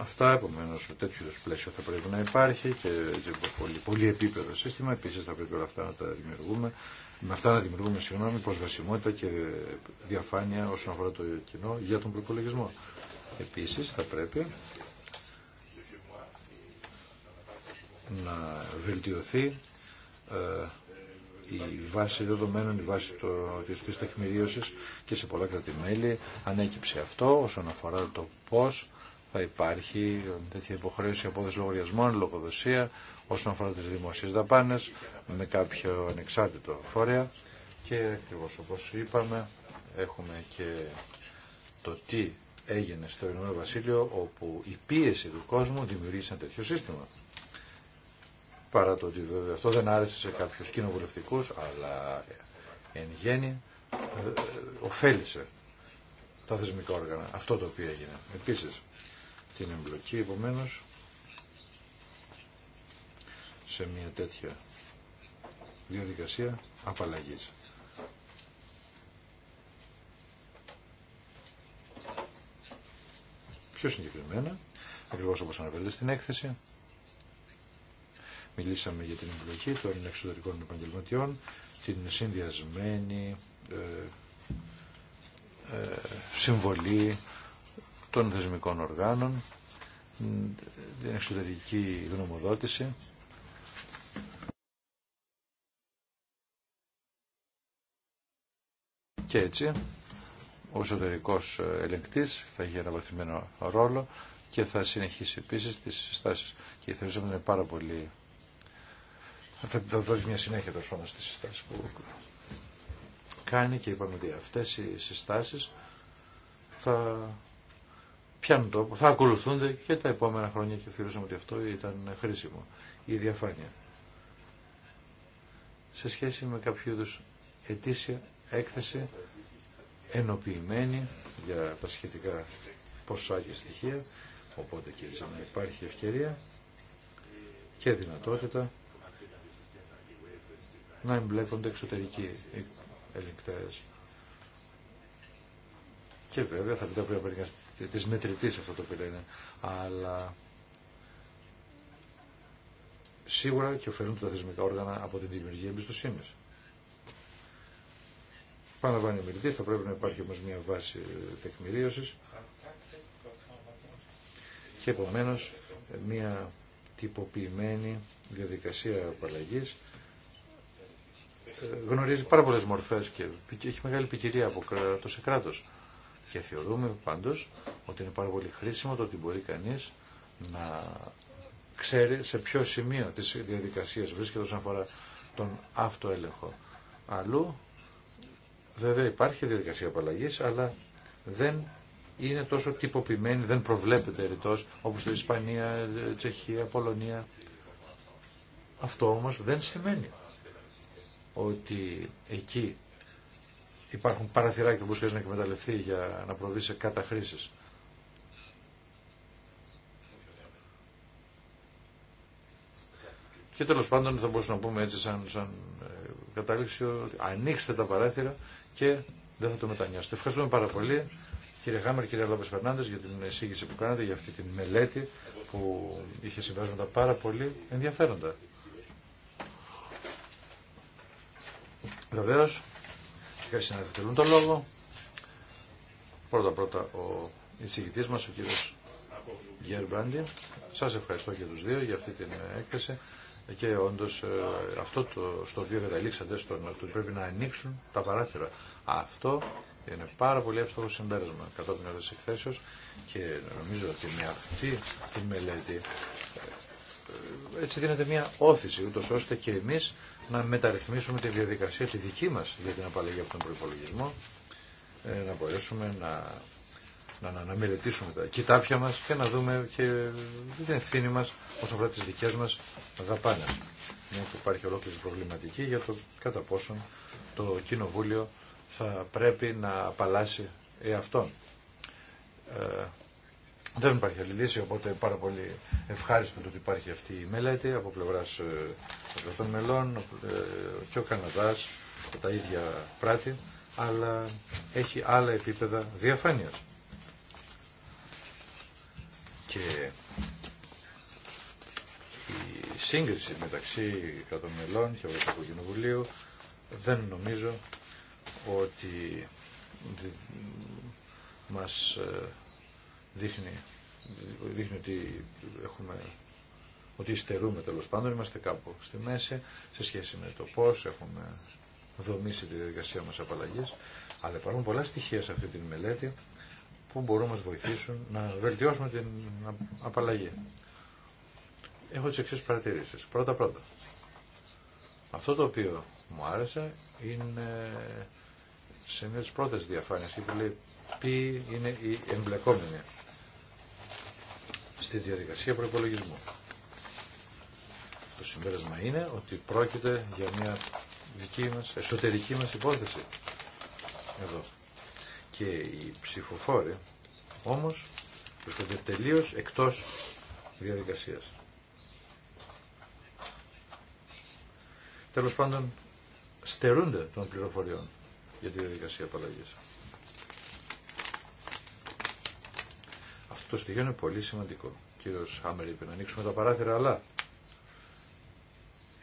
Speaker 1: Αυτά επομένω σε τέτοιου πλαίσιο θα πρέπει να υπάρχει και πολύ, πολύ επίπεδο σύστημα. Επίση θα πρέπει όλα αυτά να τα δημιουργούμε. Με αυτά να δημιουργούμε συγγνώμη, προσβασιμότητα και διαφάνεια όσον αφορά το κοινό για τον προπολογισμό. Επίση θα πρέπει να βελτιωθεί ε, η βάση δεδομένων, η βάση το, της τεκμηρίωσης και σε πολλά κρατημέλη ανέκυψε αυτό όσον αφορά το πώς θα υπάρχει τέτοια υποχρέωση απόδοση λογαριασμών, λογοδοσία όσον αφορά τις δημοσίες δαπάνες με κάποιο ανεξάρτητο φορέα και ακριβώ όπως είπαμε έχουμε και το τι έγινε στο Ηνωμένο Βασίλειο όπου η πίεση του κόσμου δημιουργήσε ένα τέτοιο σύστημα. Παρά το ότι βέβαια αυτό δεν άρεσε σε κάποιους κοινοβουλευτικούς αλλά εν γέννη ε, ε, ωφέλησε τα θεσμικά όργανα. Αυτό το οποίο έγινε. Επίσης, την εμπλοκή επομένω σε μια τέτοια διαδικασία απαλλαγής. Πιο συγκεκριμένα, ακριβώς όπως αναφέρεται στην έκθεση, μιλήσαμε για την εμπλοκή των εξωτερικών επαγγελματιών, την συνδυασμένη ε, ε, συμβολή των θεσμικών οργάνων, την εξωτερική γνωμοδότηση. Και έτσι, ο εσωτερικό ελεγκτής θα έχει βαθμένο ρόλο και θα συνεχίσει επίσης τις συστάσεις. Και θεωρήσαμε πάρα πολύ... Θα, θα δώσει μια συνέχεια τόσο πάνω στις συστάσεις που κάνει και είπαμε ότι αυτές οι συστάσεις θα πιάνουν τόπο, θα ακολουθούνται και τα επόμενα χρόνια και θεωρούσαμε ότι αυτό ήταν χρήσιμο, η διαφάνεια. Σε σχέση με κάποιο είδου ετήσια έκθεση ενοποιημένη για τα σχετικά ποσά και στοιχεία, οπότε και να υπάρχει ευκαιρία και δυνατότητα να εμπλέκονται εξωτερικοί ελεγκτές και βέβαια θα πει πρέπει να παιδιά τη μετρητή αυτό το οποίο λένε. Ναι. Αλλά σίγουρα και ωφελούνται τα θεσμικά όργανα από την δημιουργία εμπιστοσύνη. Πάνω ο μιλητή, θα πρέπει να υπάρχει όμω μια βάση τεκμηρίωση και επομένω μια τυποποιημένη διαδικασία απαλλαγή ε, γνωρίζει πάρα πολλέ μορφέ και έχει μεγάλη ποικιλία από κράτο σε κράτο. Και θεωρούμε πάντως ότι είναι πάρα πολύ χρήσιμο το ότι μπορεί κανείς να ξέρει σε ποιο σημείο της διαδικασίας βρίσκεται όσον αφορά τον αυτοέλεγχο. Αλλού βέβαια υπάρχει διαδικασία απαλλαγή, αλλά δεν είναι τόσο τυποποιημένη, δεν προβλέπεται ρητός όπως στην Ισπανία, Τσεχία, Πολωνία. Αυτό όμως δεν σημαίνει ότι εκεί υπάρχουν παραθυράκια που μπορεί να εκμεταλλευτεί για να προβεί σε καταχρήσεις. Και τέλο πάντων θα μπορούσαμε να πούμε έτσι σαν, σαν ε, κατάληξη ότι ανοίξτε τα παράθυρα και δεν θα το μετανιώσετε. Ευχαριστούμε πάρα πολύ κύριε Χάμερ, κύριε Λόπε Φερνάντε για την εισήγηση που κάνατε, για αυτή τη μελέτη που είχε συμβάσματα πάρα πολύ ενδιαφέροντα. Βεβαίω, Φυσικά οι τον λόγο. Πρώτα πρώτα ο εισηγητή μας, ο κύριος Γκέρ Μπράντι. Σας ευχαριστώ και του δύο για αυτή την έκθεση και όντω ε, αυτό το, στο οποίο καταλήξατε στο ότι πρέπει να ανοίξουν τα παράθυρα. Αυτό είναι πάρα πολύ εύστοχο συμπέρασμα κατόπιν της εκθέσεω και νομίζω ότι με αυτή τη μελέτη ε, ε, έτσι δίνεται μια όθηση ούτως ώστε και εμείς να μεταρρυθμίσουμε τη διαδικασία τη δική μας για την απαλλαγή από τον προϋπολογισμό, ε, να μπορέσουμε να, να, να, μελετήσουμε τα κοιτάπια μας και να δούμε και την ευθύνη μας όσον αφορά τις δικές μας δαπάνες. Μια ναι, που υπάρχει ολόκληρη προβληματική για το κατά πόσον το Κοινοβούλιο θα πρέπει να απαλλάσει εαυτόν. Ε, δεν υπάρχει άλλη λύση, οπότε πάρα πολύ ευχάριστο το ότι υπάρχει αυτή η μελέτη από πλευρά ε, των μελών ε, και ο Καναδά τα ίδια πράτη, αλλά έχει άλλα επίπεδα διαφάνεια. Και η σύγκριση μεταξύ κρατών μελών και Ευρωπαϊκού Κοινοβουλίου δεν νομίζω ότι μας ε, δείχνει, δείχνει ότι έχουμε ότι υστερούμε τέλο πάντων, είμαστε κάπου στη μέση σε σχέση με το πώ έχουμε δομήσει τη διαδικασία μα απαλλαγή. Αλλά υπάρχουν πολλά στοιχεία σε αυτή τη μελέτη που μπορούν να μα βοηθήσουν να βελτιώσουμε την απαλλαγή. Έχω τι εξή παρατηρήσει. Πρώτα-πρώτα. Αυτό το οποίο μου άρεσε είναι σε μια τη πρώτε διαφάνεια που λέει ποιοι είναι οι εμπλεκόμενοι στη διαδικασία προπολογισμού. Το συμπέρασμα είναι ότι πρόκειται για μια δική μας, εσωτερική μας υπόθεση. Εδώ. Και οι ψηφοφόροι όμως βρίσκονται τελείω εκτός διαδικασίας. Τέλος πάντων, στερούνται των πληροφοριών για τη διαδικασία απαλλαγής. Το στοιχείο είναι πολύ σημαντικό. Ο κύριος Χάμερ είπε να ανοίξουμε τα παράθυρα, αλλά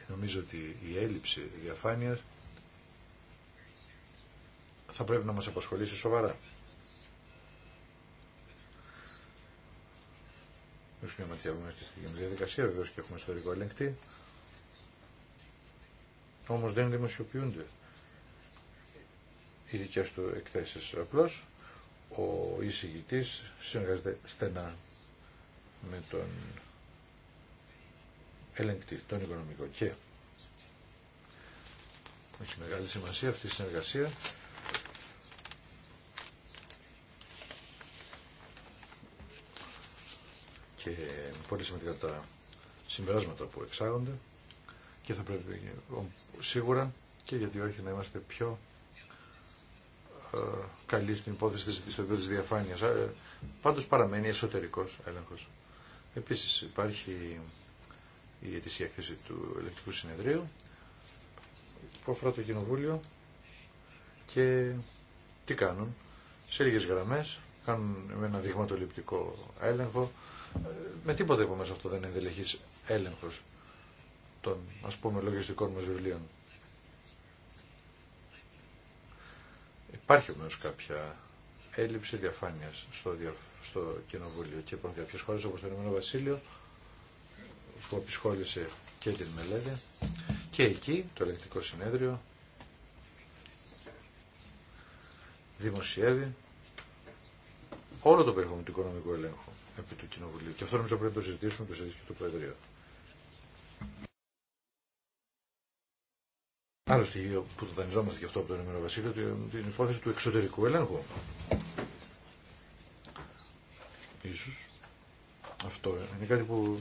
Speaker 1: νομίζω ότι η έλλειψη διαφάνειας θα πρέπει να μας απασχολήσει σοβαρά. Έχουμε μια ματιά που στη διαδικασία, βεβαίως και έχουμε ιστορικό ελεγκτή. Όμως δεν δημοσιοποιούνται οι δικές του εκθέσεις. Απλώς ο εισηγητής συνεργάζεται στενά με τον ελεγκτή, τον οικονομικό και έχει μεγάλη σημασία αυτή η συνεργασία και πολύ σημαντικά τα συμπεράσματα που εξάγονται και θα πρέπει σίγουρα και γιατί όχι να είμαστε πιο ε, καλεί στην υπόθεση τη περίπτωση διαφάνειας. Ε, πάντως παραμένει εσωτερικός έλεγχο. Επίσης υπάρχει η αιτήσια εκθέση του ελεκτικού συνεδρίου που αφορά το κοινοβούλιο και τι κάνουν. Σε λίγε γραμμές κάνουν με ένα δειγματοληπτικό έλεγχο. Ε, με τίποτα από μέσα αυτό δεν είναι έλεγχο έλεγχος των α πούμε λογιστικών μα βιβλίων. Υπάρχει όμω κάποια έλλειψη διαφάνεια στο, στο κοινοβούλιο και υπάρχουν κάποιε χώρε όπω το Ηνωμένο Βασίλειο που απεισχόλησε και την μελέτη και εκεί το ελεγκτικό συνέδριο δημοσιεύει όλο το περιεχόμενο του οικονομικού ελέγχου επί του Κοινοβουλίου. Και αυτό νομίζω πρέπει να το συζητήσουμε το συζητήσουμε και Άλλο στοιχείο που το δανειζόμαστε και αυτό από τον Ηνωμένο Βασίλειο, την υπόθεση του εξωτερικού ελέγχου. Ίσως αυτό είναι κάτι που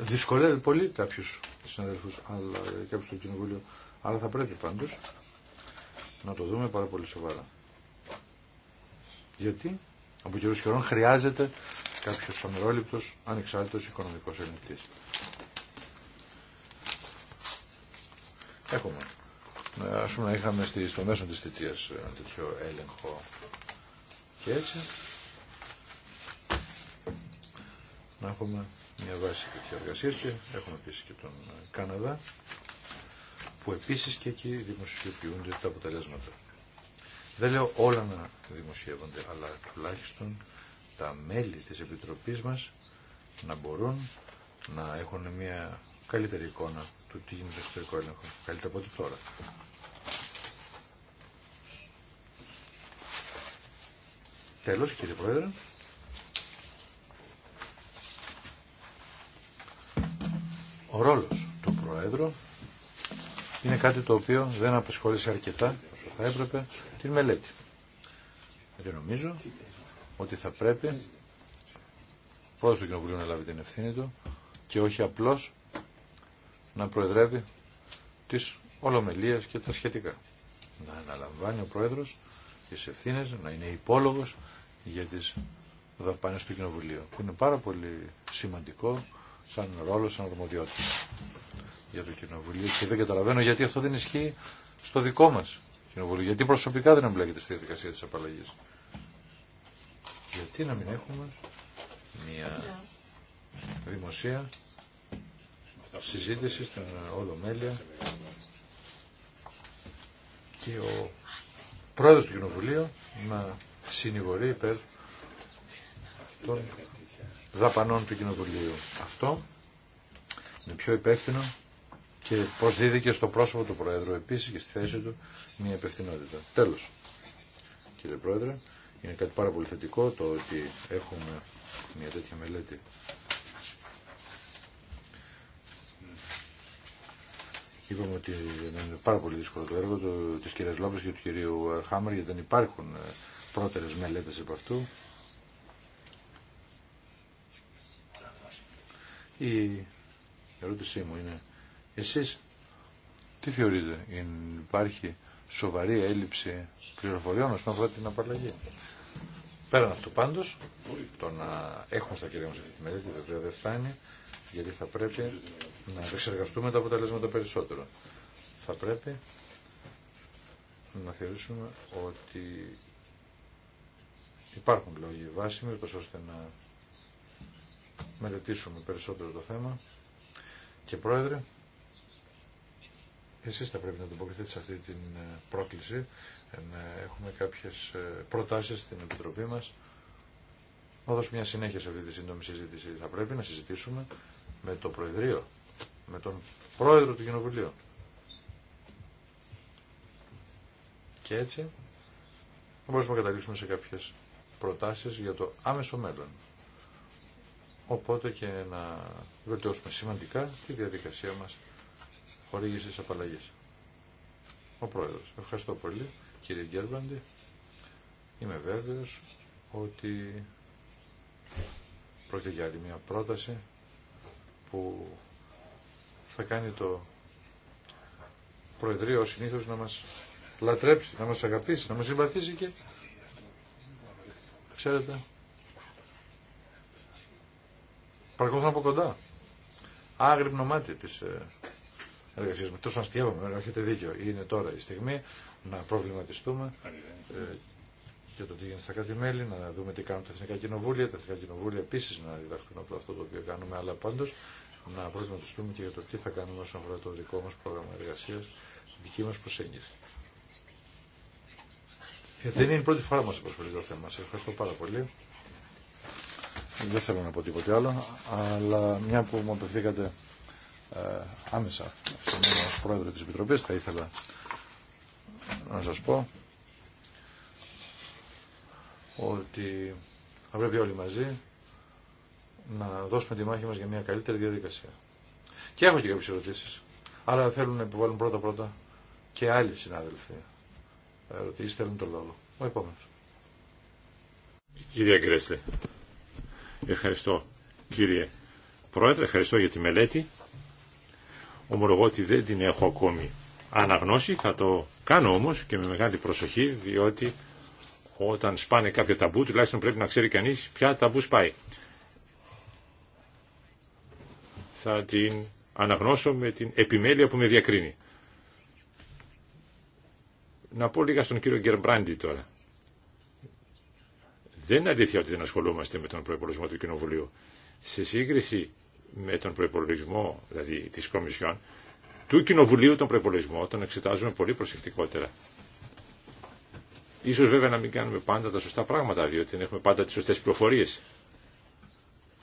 Speaker 1: ε, δυσκολεύει πολύ κάποιους συναδελφούς αλλά, κάποιους του κοινοβούλιο, αλλά θα πρέπει πάντως να το δούμε πάρα πολύ σοβαρά. Γιατί από καιρούς καιρών χρειάζεται κάποιος αμερόληπτος, ανεξάρτητος οικονομικός ελεγχτή. έχουμε. Ας πούμε να είχαμε στη, στο μέσο τη θητεία ε, ένα τέτοιο έλεγχο και έτσι να έχουμε μια βάση τέτοια εργασία και έχουμε επίση και τον ε, Καναδά που επίση και εκεί δημοσιοποιούνται τα αποτελέσματα. Δεν λέω όλα να δημοσιεύονται, αλλά τουλάχιστον τα μέλη της Επιτροπής μας να μπορούν να έχουν μια καλύτερη εικόνα του τι γίνεται στο εσωτερικό έλεγχο. Καλύτερα από ό,τι τώρα. Τέλος, κύριε Πρόεδρε. Ο ρόλος του Προέδρου είναι κάτι το οποίο δεν απασχόλησε αρκετά όσο θα έπρεπε την μελέτη. Γιατί νομίζω ότι θα πρέπει πρώτα του Κοινοβουλίου να λάβει την ευθύνη του και όχι απλώς να προεδρεύει τις ολομελίες και τα σχετικά. Να αναλαμβάνει ο Πρόεδρος τις ευθύνες, να είναι υπόλογος για τις δαπάνες του Κοινοβουλίου, που είναι πάρα πολύ σημαντικό σαν ρόλο, σαν αρμοδιότητα για το Κοινοβουλίο και δεν καταλαβαίνω γιατί αυτό δεν ισχύει στο δικό μας Κοινοβουλίο, γιατί προσωπικά δεν εμπλέκεται στη διαδικασία της απαλλαγής. Γιατί να μην έχουμε μια δημοσία συζήτηση στην Ολομέλεια και ο πρόεδρος του Κοινοβουλίου να συνηγορεί υπέρ των δαπανών του Κοινοβουλίου. Αυτό είναι πιο υπεύθυνο και δίδει και στο πρόσωπο του Πρόεδρου επίσης και στη θέση του μια υπευθυνότητα. Τέλος, κύριε Πρόεδρε, είναι κάτι πάρα πολύ θετικό το ότι έχουμε μια τέτοια μελέτη Είπαμε ότι είναι πάρα πολύ δύσκολο το έργο τη κυρία Λόπε και του κυρίου Χάμερ γιατί δεν υπάρχουν ε, πρώτερε μελέτε από αυτού. Η ερώτησή μου είναι, εσείς τι θεωρείτε, υπάρχει σοβαρή έλλειψη πληροφοριών όσον αφορά την απαλλαγή. Πέραν αυτού πάντως, το να έχουμε στα κυρία μας αυτή τη μελέτη, δεν φτάνει, γιατί θα πρέπει να εξεργαστούμε τα αποτελέσματα περισσότερο. Θα πρέπει να θεωρήσουμε ότι υπάρχουν λόγοι βάσιμοι, ώστε να μελετήσουμε περισσότερο το θέμα. Και Πρόεδρε, εσείς θα πρέπει να το σε αυτή την ε, πρόκληση, ε, να έχουμε κάποιες ε, προτάσεις στην Επιτροπή μας. Θα μια συνέχεια σε αυτή τη σύντομη συζήτηση. Θα πρέπει να συζητήσουμε με το Προεδρείο, με τον Πρόεδρο του Κοινοβουλίου. Και έτσι θα να καταλήξουμε σε κάποιες προτάσεις για το άμεσο μέλλον. Οπότε και να βελτιώσουμε σημαντικά τη διαδικασία μας χορήγησης απαλλαγής. Ο Πρόεδρος. Ευχαριστώ πολύ κύριε Γκέρβαντη, Είμαι βέβαιος ότι πρόκειται για άλλη μια πρόταση που θα κάνει το Προεδρείο συνήθως να μας λατρέψει, να μας αγαπήσει, να μας συμπαθήσει και ξέρετε παρακολουθούν από κοντά. Άγρυπνο μάτι της ε, εργασίας μου. Τόσο αστείευαμε, έχετε δίκιο. Είναι τώρα η στιγμή να προβληματιστούμε ε, για το τι γίνεται στα κάτι μέλη, να δούμε τι κάνουν τα εθνικά κοινοβούλια. Τα εθνικά κοινοβούλια επίση να διδαχθούν από αυτό το οποίο κάνουμε, αλλά πάντω να πούμε και για το τι θα κάνουμε όσον αφορά το δικό μας πρόγραμμα εργασία δική μα προσέγγιση. Δεν είναι η πρώτη φορά που μας απασχολεί το θέμα. Σα ευχαριστώ πάρα πολύ. Δεν θέλω να πω τίποτε άλλο, αλλά μια που μου απευθύνατε ε, άμεσα ω πρόεδρο της Επιτροπή, θα ήθελα να σα πω ότι θα πρέπει όλοι μαζί να δώσουμε τη μάχη μα για μια καλύτερη διαδικασία. Και έχω και κάποιε ερωτήσει. αλλά θέλουν να υποβάλουν πρώτα-πρώτα και άλλοι συνάδελφοι. Ερωτήσει θέλουν τον λόγο. Ο επόμενο.
Speaker 2: Κυρία Γκρέσλε, ευχαριστώ κύριε Πρόεδρε, ευχαριστώ για τη μελέτη. Ομολογώ ότι δεν την έχω ακόμη αναγνώσει, θα το κάνω όμως και με μεγάλη προσοχή, διότι όταν σπάνε κάποια ταμπού, τουλάχιστον πρέπει να ξέρει κανεί ποια ταμπού σπάει θα την αναγνώσω με την επιμέλεια που με διακρίνει. Να πω λίγα στον κύριο Γκερμπράντι τώρα. Δεν είναι αλήθεια ότι δεν ασχολούμαστε με τον προπολογισμό του Κοινοβουλίου. Σε σύγκριση με τον προπολογισμό δηλαδή, τη Κομισιόν, του Κοινοβουλίου τον προπολογισμό τον εξετάζουμε πολύ προσεκτικότερα. Ίσως βέβαια να μην κάνουμε πάντα τα σωστά πράγματα, διότι δεν έχουμε πάντα τι σωστέ πληροφορίε.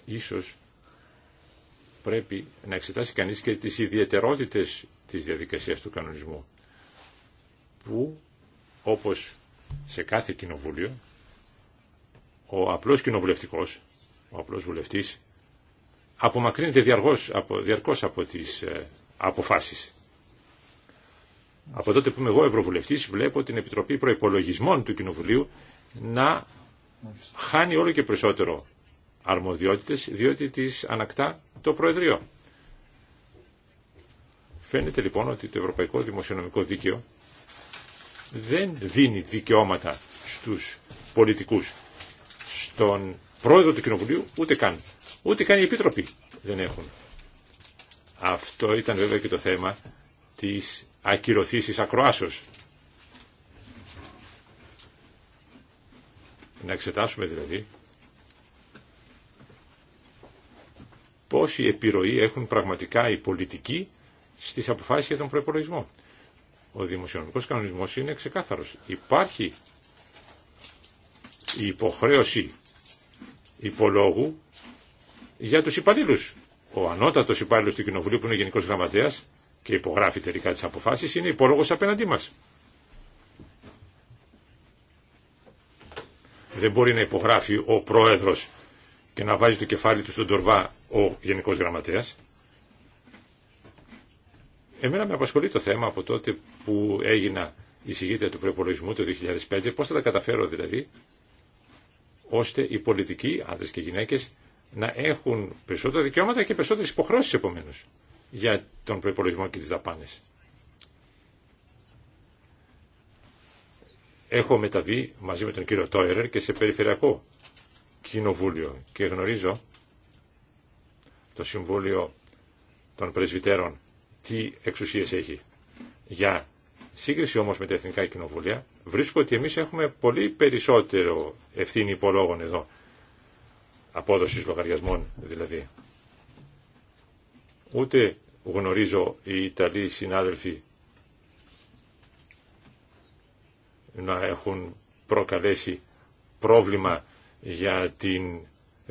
Speaker 2: Ίσως πρέπει να εξετάσει κανείς και τις ιδιαιτερότητες της διαδικασίας του κανονισμού που όπως σε κάθε κοινοβούλιο ο απλός κοινοβουλευτικός, ο απλός βουλευτής απομακρύνεται διαρκώς από, διαρκώς από τις ε, αποφάσεις. Από τότε που είμαι εγώ Ευρωβουλευτής βλέπω την Επιτροπή Προϋπολογισμών του Κοινοβουλίου να χάνει όλο και περισσότερο αρμοδιότητες διότι τις ανακτά το Προεδρείο. Φαίνεται λοιπόν ότι το Ευρωπαϊκό Δημοσιονομικό Δίκαιο δεν δίνει δικαιώματα στους πολιτικούς, στον πρόεδρο του Κοινοβουλίου ούτε καν. Ούτε καν οι επίτροποι δεν έχουν. Αυτό ήταν βέβαια και το θέμα της ακυρωθήσεις ακροάσεως. Να εξετάσουμε δηλαδή πόση επιρροή έχουν πραγματικά οι πολιτικοί στις αποφάσεις για τον προπολογισμό. Ο δημοσιονομικός κανονισμός είναι ξεκάθαρος. Υπάρχει η υποχρέωση υπολόγου για τους υπαλλήλους. Ο ανώτατος υπάλληλος του Κοινοβουλίου που είναι Γενικός Γραμματέας και υπογράφει τελικά τις αποφάσεις είναι υπόλογος απέναντί μας. Δεν μπορεί να υπογράφει ο πρόεδρος και να βάζει το κεφάλι του στον τορβά ο Γενικός Γραμματέας. Εμένα με απασχολεί το θέμα από τότε που έγινα εισηγήτρια του προπολογισμού το 2005, πώς θα τα καταφέρω δηλαδή, ώστε οι πολιτικοί, άντρες και γυναίκες, να έχουν περισσότερα δικαιώματα και περισσότερες υποχρώσεις επομένω για τον προπολογισμό και τις δαπάνες. Έχω μεταβεί μαζί με τον κύριο Τόιρερ και σε περιφερειακό Κοινοβούλιο και γνωρίζω το Συμβούλιο των Πρεσβυτέρων τι εξουσίες έχει. Για σύγκριση όμως με τα Εθνικά Κοινοβούλια βρίσκω ότι εμείς έχουμε πολύ περισσότερο ευθύνη υπολόγων εδώ. Απόδοσης λογαριασμών δηλαδή. Ούτε γνωρίζω οι Ιταλοί συνάδελφοι να έχουν προκαλέσει πρόβλημα για, την,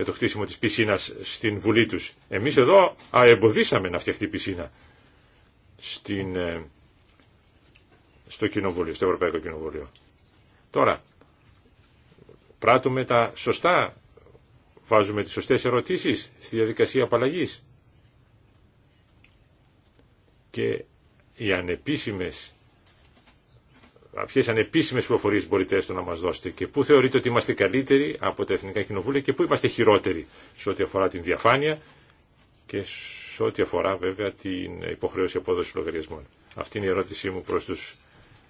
Speaker 2: το χτίσιμο της πισίνας στην Βουλή τους. Εμείς εδώ αεμποδίσαμε να φτιαχτεί πισίνα στην, ε, στο στο Ευρωπαϊκό Κοινοβούλιο. Τώρα, πράττουμε τα σωστά, βάζουμε τις σωστές ερωτήσεις στη διαδικασία απαλλαγή. Και οι ανεπίσημες ποιε ανεπίσημε πληροφορίε μπορείτε έστω να μα δώσετε και πού θεωρείτε ότι είμαστε καλύτεροι από τα Εθνικά Κοινοβούλια και πού είμαστε χειρότεροι σε ό,τι αφορά την διαφάνεια και σε ό,τι αφορά βέβαια την υποχρέωση απόδοση λογαριασμών. Αυτή είναι η ερώτησή μου προ του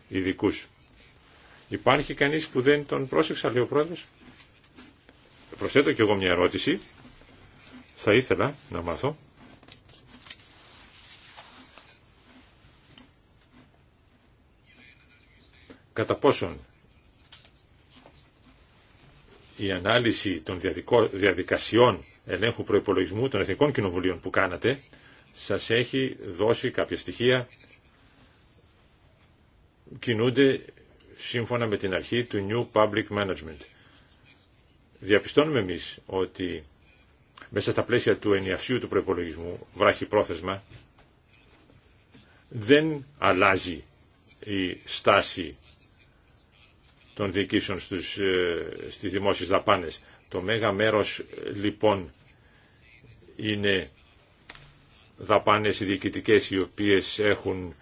Speaker 2: ειδικού. Υπάρχει κανεί που δεν τον πρόσεξα, λέει ο πρόεδρο. Προσθέτω και εγώ μια ερώτηση. Θα ήθελα να μάθω κατά πόσον η ανάλυση των διαδικασιών ελέγχου προϋπολογισμού των Εθνικών Κοινοβουλίων που κάνατε σας έχει δώσει κάποια στοιχεία κινούνται σύμφωνα με την αρχή του New Public Management. Διαπιστώνουμε εμείς ότι μέσα στα πλαίσια του ενιαυσίου του προϋπολογισμού, βράχει πρόθεσμα, δεν αλλάζει η στάση των διοικήσεων στους, ε, στις δημόσιες δαπάνες. Το μέγα μέρος ε, λοιπόν είναι δαπάνες διοικητικές οι οποίες έχουν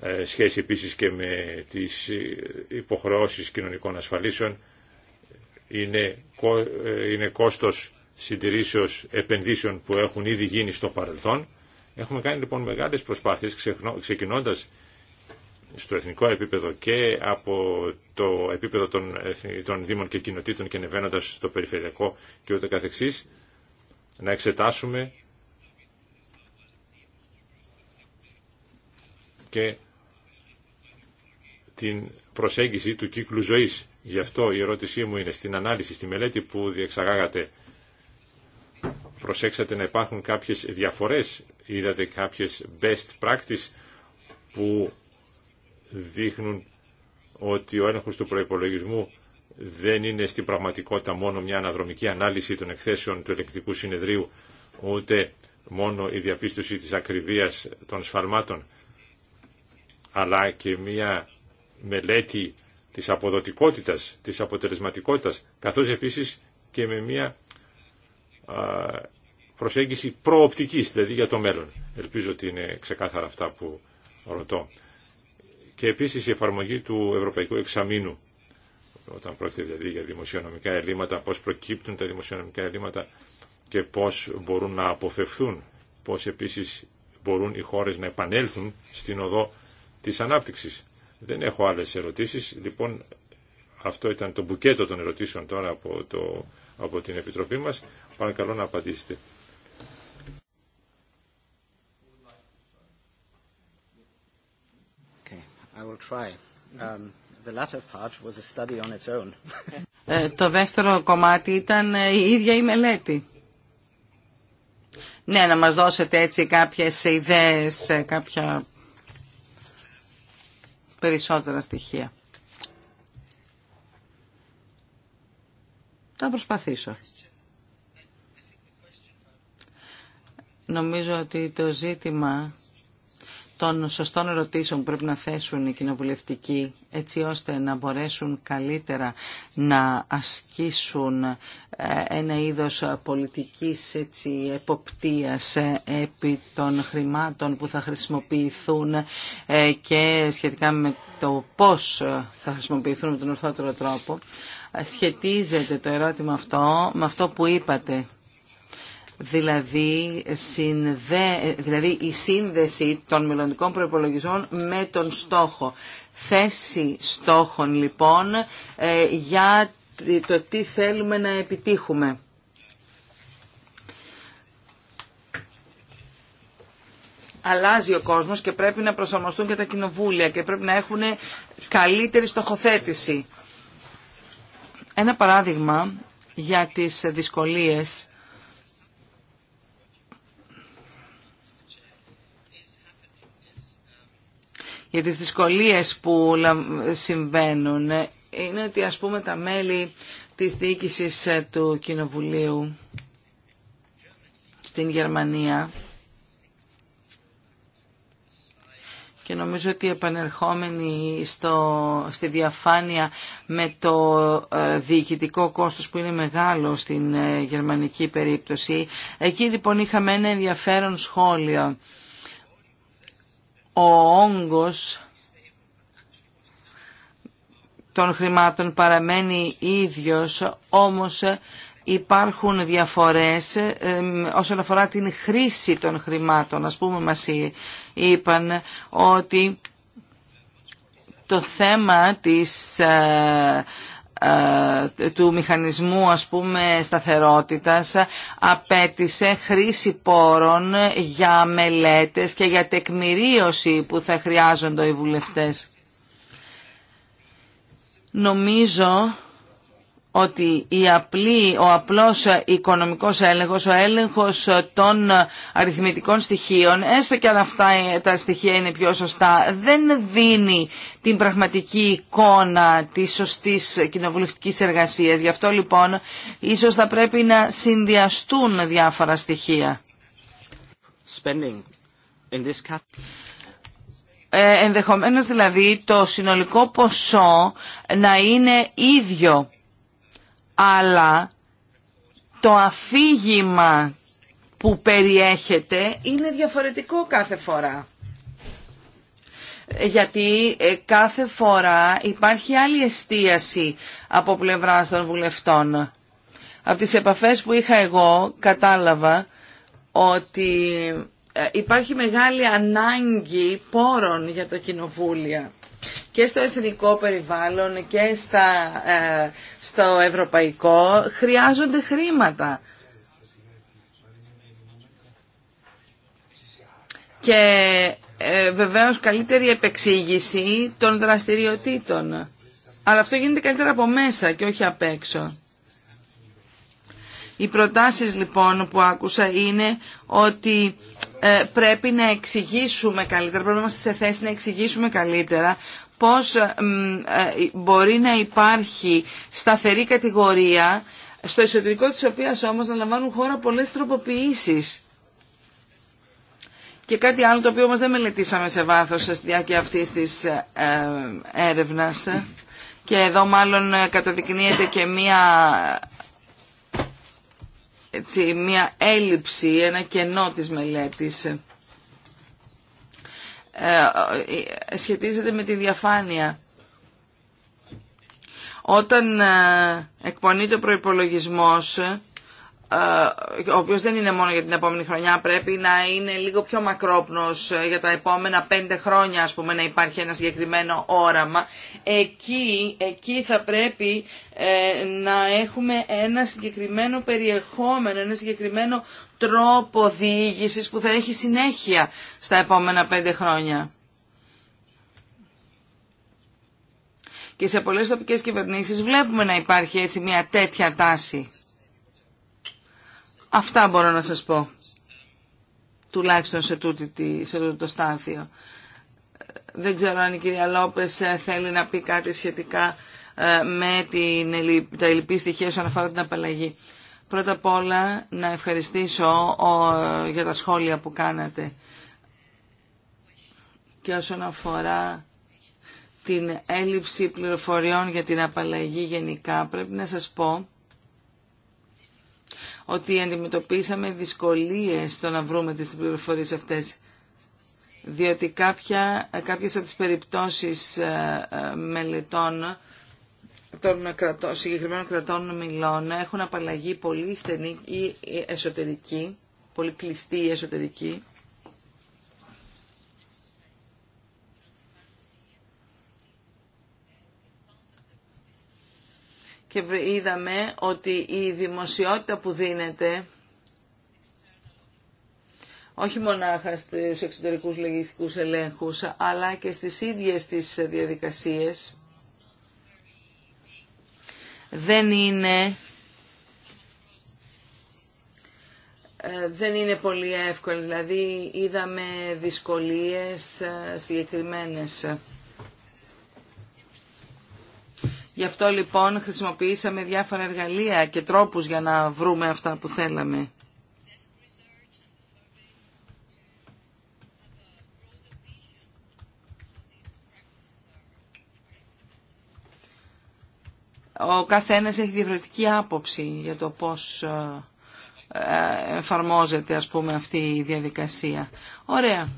Speaker 2: ε, σχέση επίσης και με τις υποχρεώσεις κοινωνικών ασφαλίσεων. Είναι, είναι κόστος συντηρήσεως επενδύσεων που έχουν ήδη γίνει στο παρελθόν. Έχουμε κάνει λοιπόν μεγάλες προσπάθειες ξεκινώντας στο εθνικό επίπεδο και από το επίπεδο των, των δήμων και κοινοτήτων και ανεβαίνοντα στο περιφερειακό και ούτε καθεξής, να εξετάσουμε και την προσέγγιση του κύκλου ζωής. Γι' αυτό η ερώτησή μου είναι στην ανάλυση, στη μελέτη που διεξαγάγατε προσέξατε να υπάρχουν κάποιες διαφορές, είδατε κάποιες best practice που δείχνουν ότι ο έλεγχος του προϋπολογισμού δεν είναι στην πραγματικότητα μόνο μια αναδρομική ανάλυση των εκθέσεων του ελεκτικού συνεδρίου, ούτε μόνο η διαπίστωση της ακριβίας των σφαλμάτων, αλλά και μια μελέτη της αποδοτικότητας, της αποτελεσματικότητας, καθώς επίσης και με μια προσέγγιση προοπτικής, δηλαδή για το μέλλον. Ελπίζω ότι είναι ξεκάθαρα αυτά που ρωτώ και επίσης η εφαρμογή του Ευρωπαϊκού Εξαμήνου όταν πρόκειται δηλαδή για δημοσιονομικά ελλείμματα, πώς προκύπτουν τα δημοσιονομικά ελλείμματα και πώς μπορούν να αποφευθούν, πώς επίσης μπορούν οι χώρες να επανέλθουν στην οδό της ανάπτυξης. Δεν έχω άλλες ερωτήσεις, λοιπόν αυτό ήταν το μπουκέτο των ερωτήσεων τώρα από, το, από την Επιτροπή μας. Παρακαλώ να απαντήσετε.
Speaker 3: το δεύτερο κομμάτι ήταν ε, η ίδια η μελέτη. Ναι, να μας δώσετε έτσι κάποιες ιδέες, ε, κάποια περισσότερα στοιχεία. Θα προσπαθήσω. Νομίζω ότι το ζήτημα των σωστών ερωτήσεων που πρέπει να θέσουν οι κοινοβουλευτικοί έτσι ώστε να μπορέσουν καλύτερα να ασκήσουν ε, ένα είδος πολιτικής έτσι, εποπτείας ε, επί των χρημάτων που θα χρησιμοποιηθούν ε, και σχετικά με το πώς θα χρησιμοποιηθούν με τον ορθότερο τρόπο σχετίζεται το ερώτημα αυτό με αυτό που είπατε δηλαδή, συνδε, δηλαδή η σύνδεση των μελλοντικών προϋπολογισμών με τον στόχο. Θέση στόχων λοιπόν ε, για το τι θέλουμε να επιτύχουμε. αλλάζει ο κόσμος και πρέπει να προσαρμοστούν και τα κοινοβούλια και πρέπει να έχουν καλύτερη στοχοθέτηση. Ένα παράδειγμα για τις δυσκολίες για τις δυσκολίες που συμβαίνουν είναι ότι ας πούμε τα μέλη της διοίκησης ε, του Κοινοβουλίου στην Γερμανία και νομίζω ότι επανερχόμενοι στο, στη διαφάνεια με το ε, διοικητικό κόστος που είναι μεγάλο στην ε, γερμανική περίπτωση εκεί λοιπόν είχαμε ένα ενδιαφέρον σχόλιο ο όγκος των χρημάτων παραμένει ίδιος, όμως υπάρχουν διαφορές όσον αφορά την χρήση των χρημάτων. Ας πούμε μας είπαν ότι το θέμα της ε, ε, του μηχανισμού ας πούμε σταθερότητας απέτησε χρήση πόρων για μελέτες και για τεκμηρίωση που θα χρειάζονται οι βουλευτές. Νομίζω ότι η ο απλός οικονομικός έλεγχος, ο έλεγχος των αριθμητικών στοιχείων, έστω και αν αυτά τα στοιχεία είναι πιο σωστά, δεν δίνει την πραγματική εικόνα της σωστής κοινοβουλευτικής εργασίας. Γι' αυτό λοιπόν ίσως θα πρέπει να συνδυαστούν διάφορα στοιχεία. Spending ε, ενδεχομένως δηλαδή το συνολικό ποσό να είναι ίδιο αλλά το αφήγημα που περιέχεται είναι διαφορετικό κάθε φορά. Γιατί ε, κάθε φορά υπάρχει άλλη εστίαση από πλευρά των βουλευτών. Από τις επαφές που είχα εγώ κατάλαβα ότι ε, υπάρχει μεγάλη ανάγκη πόρων για τα κοινοβούλια και στο εθνικό περιβάλλον και στα, ε, στο ευρωπαϊκό χρειάζονται χρήματα. Και ε, βεβαίως καλύτερη επεξήγηση των δραστηριοτήτων. Αλλά αυτό γίνεται καλύτερα από μέσα και όχι απ' έξω. Οι προτάσεις λοιπόν που άκουσα είναι ότι ε, πρέπει να εξηγήσουμε καλύτερα, πρέπει να είμαστε σε θέση να εξηγήσουμε καλύτερα πώς ε, ε, μπορεί να υπάρχει σταθερή κατηγορία στο εσωτερικό της οποίας όμως να λαμβάνουν χώρα πολλές τροποποιήσεις. Και κάτι άλλο το οποίο όμως δεν μελετήσαμε σε βάθος στη διάρκεια αυτής της έρευνας και εδώ μάλλον καταδεικνύεται και μία έτσι, μια έλλειψη, ένα κενό της μελέτης. Ε, ε, σχετίζεται με τη διαφάνεια. Όταν ε, εκπονείται ο προϋπολογισμός, ο οποίο δεν είναι μόνο για την επόμενη χρονιά, πρέπει να είναι λίγο πιο μακρόπνος ε, για τα επόμενα πέντε χρόνια, α πούμε, να υπάρχει ένα συγκεκριμένο όραμα. Εκεί, εκεί θα πρέπει ε, να έχουμε ένα συγκεκριμένο περιεχόμενο, ένα συγκεκριμένο τρόπο διήγηση που θα έχει συνέχεια στα επόμενα πέντε χρόνια. Και σε πολλές τοπικές κυβερνήσεις βλέπουμε να υπάρχει έτσι μια τέτοια τάση. Αυτά μπορώ να σας πω, τουλάχιστον σε, τούτη, σε τούτο το στάθιο. Δεν ξέρω αν η κυρία Λόπες ε, θέλει να πει κάτι σχετικά ε, με την, τα ελληπή στοιχεία όσον αφορά την απαλλαγή. Πρώτα απ' όλα να ευχαριστήσω για τα σχόλια που κάνατε και όσον αφορά την έλλειψη πληροφοριών για την απαλλαγή γενικά πρέπει να σας πω ότι αντιμετωπίσαμε δυσκολίες στο να βρούμε τις πληροφορίες αυτές. Διότι κάποια, κάποιες από τις περιπτώσεις ε, ε, μελετών των κρατών, συγκεκριμένων κρατών μιλών έχουν απαλλαγή πολύ στενή ή ε, εσωτερική, πολύ κλειστή ή εσωτερική. και είδαμε ότι η δημοσιότητα που δίνεται όχι μονάχα στους εξωτερικούς λογιστικούς ελέγχους, αλλά και στις ίδιες τις διαδικασίες, δεν είναι, ε, δεν είναι πολύ εύκολη. Δηλαδή είδαμε δυσκολίες ε, συγκεκριμένες. Γι' αυτό λοιπόν χρησιμοποιήσαμε διάφορα εργαλεία και τρόπους για να βρούμε αυτά που θέλαμε. Ο καθένας έχει διαφορετική άποψη για το πώς ε, ε, εφαρμόζεται ας πούμε αυτή η διαδικασία. Ωραία.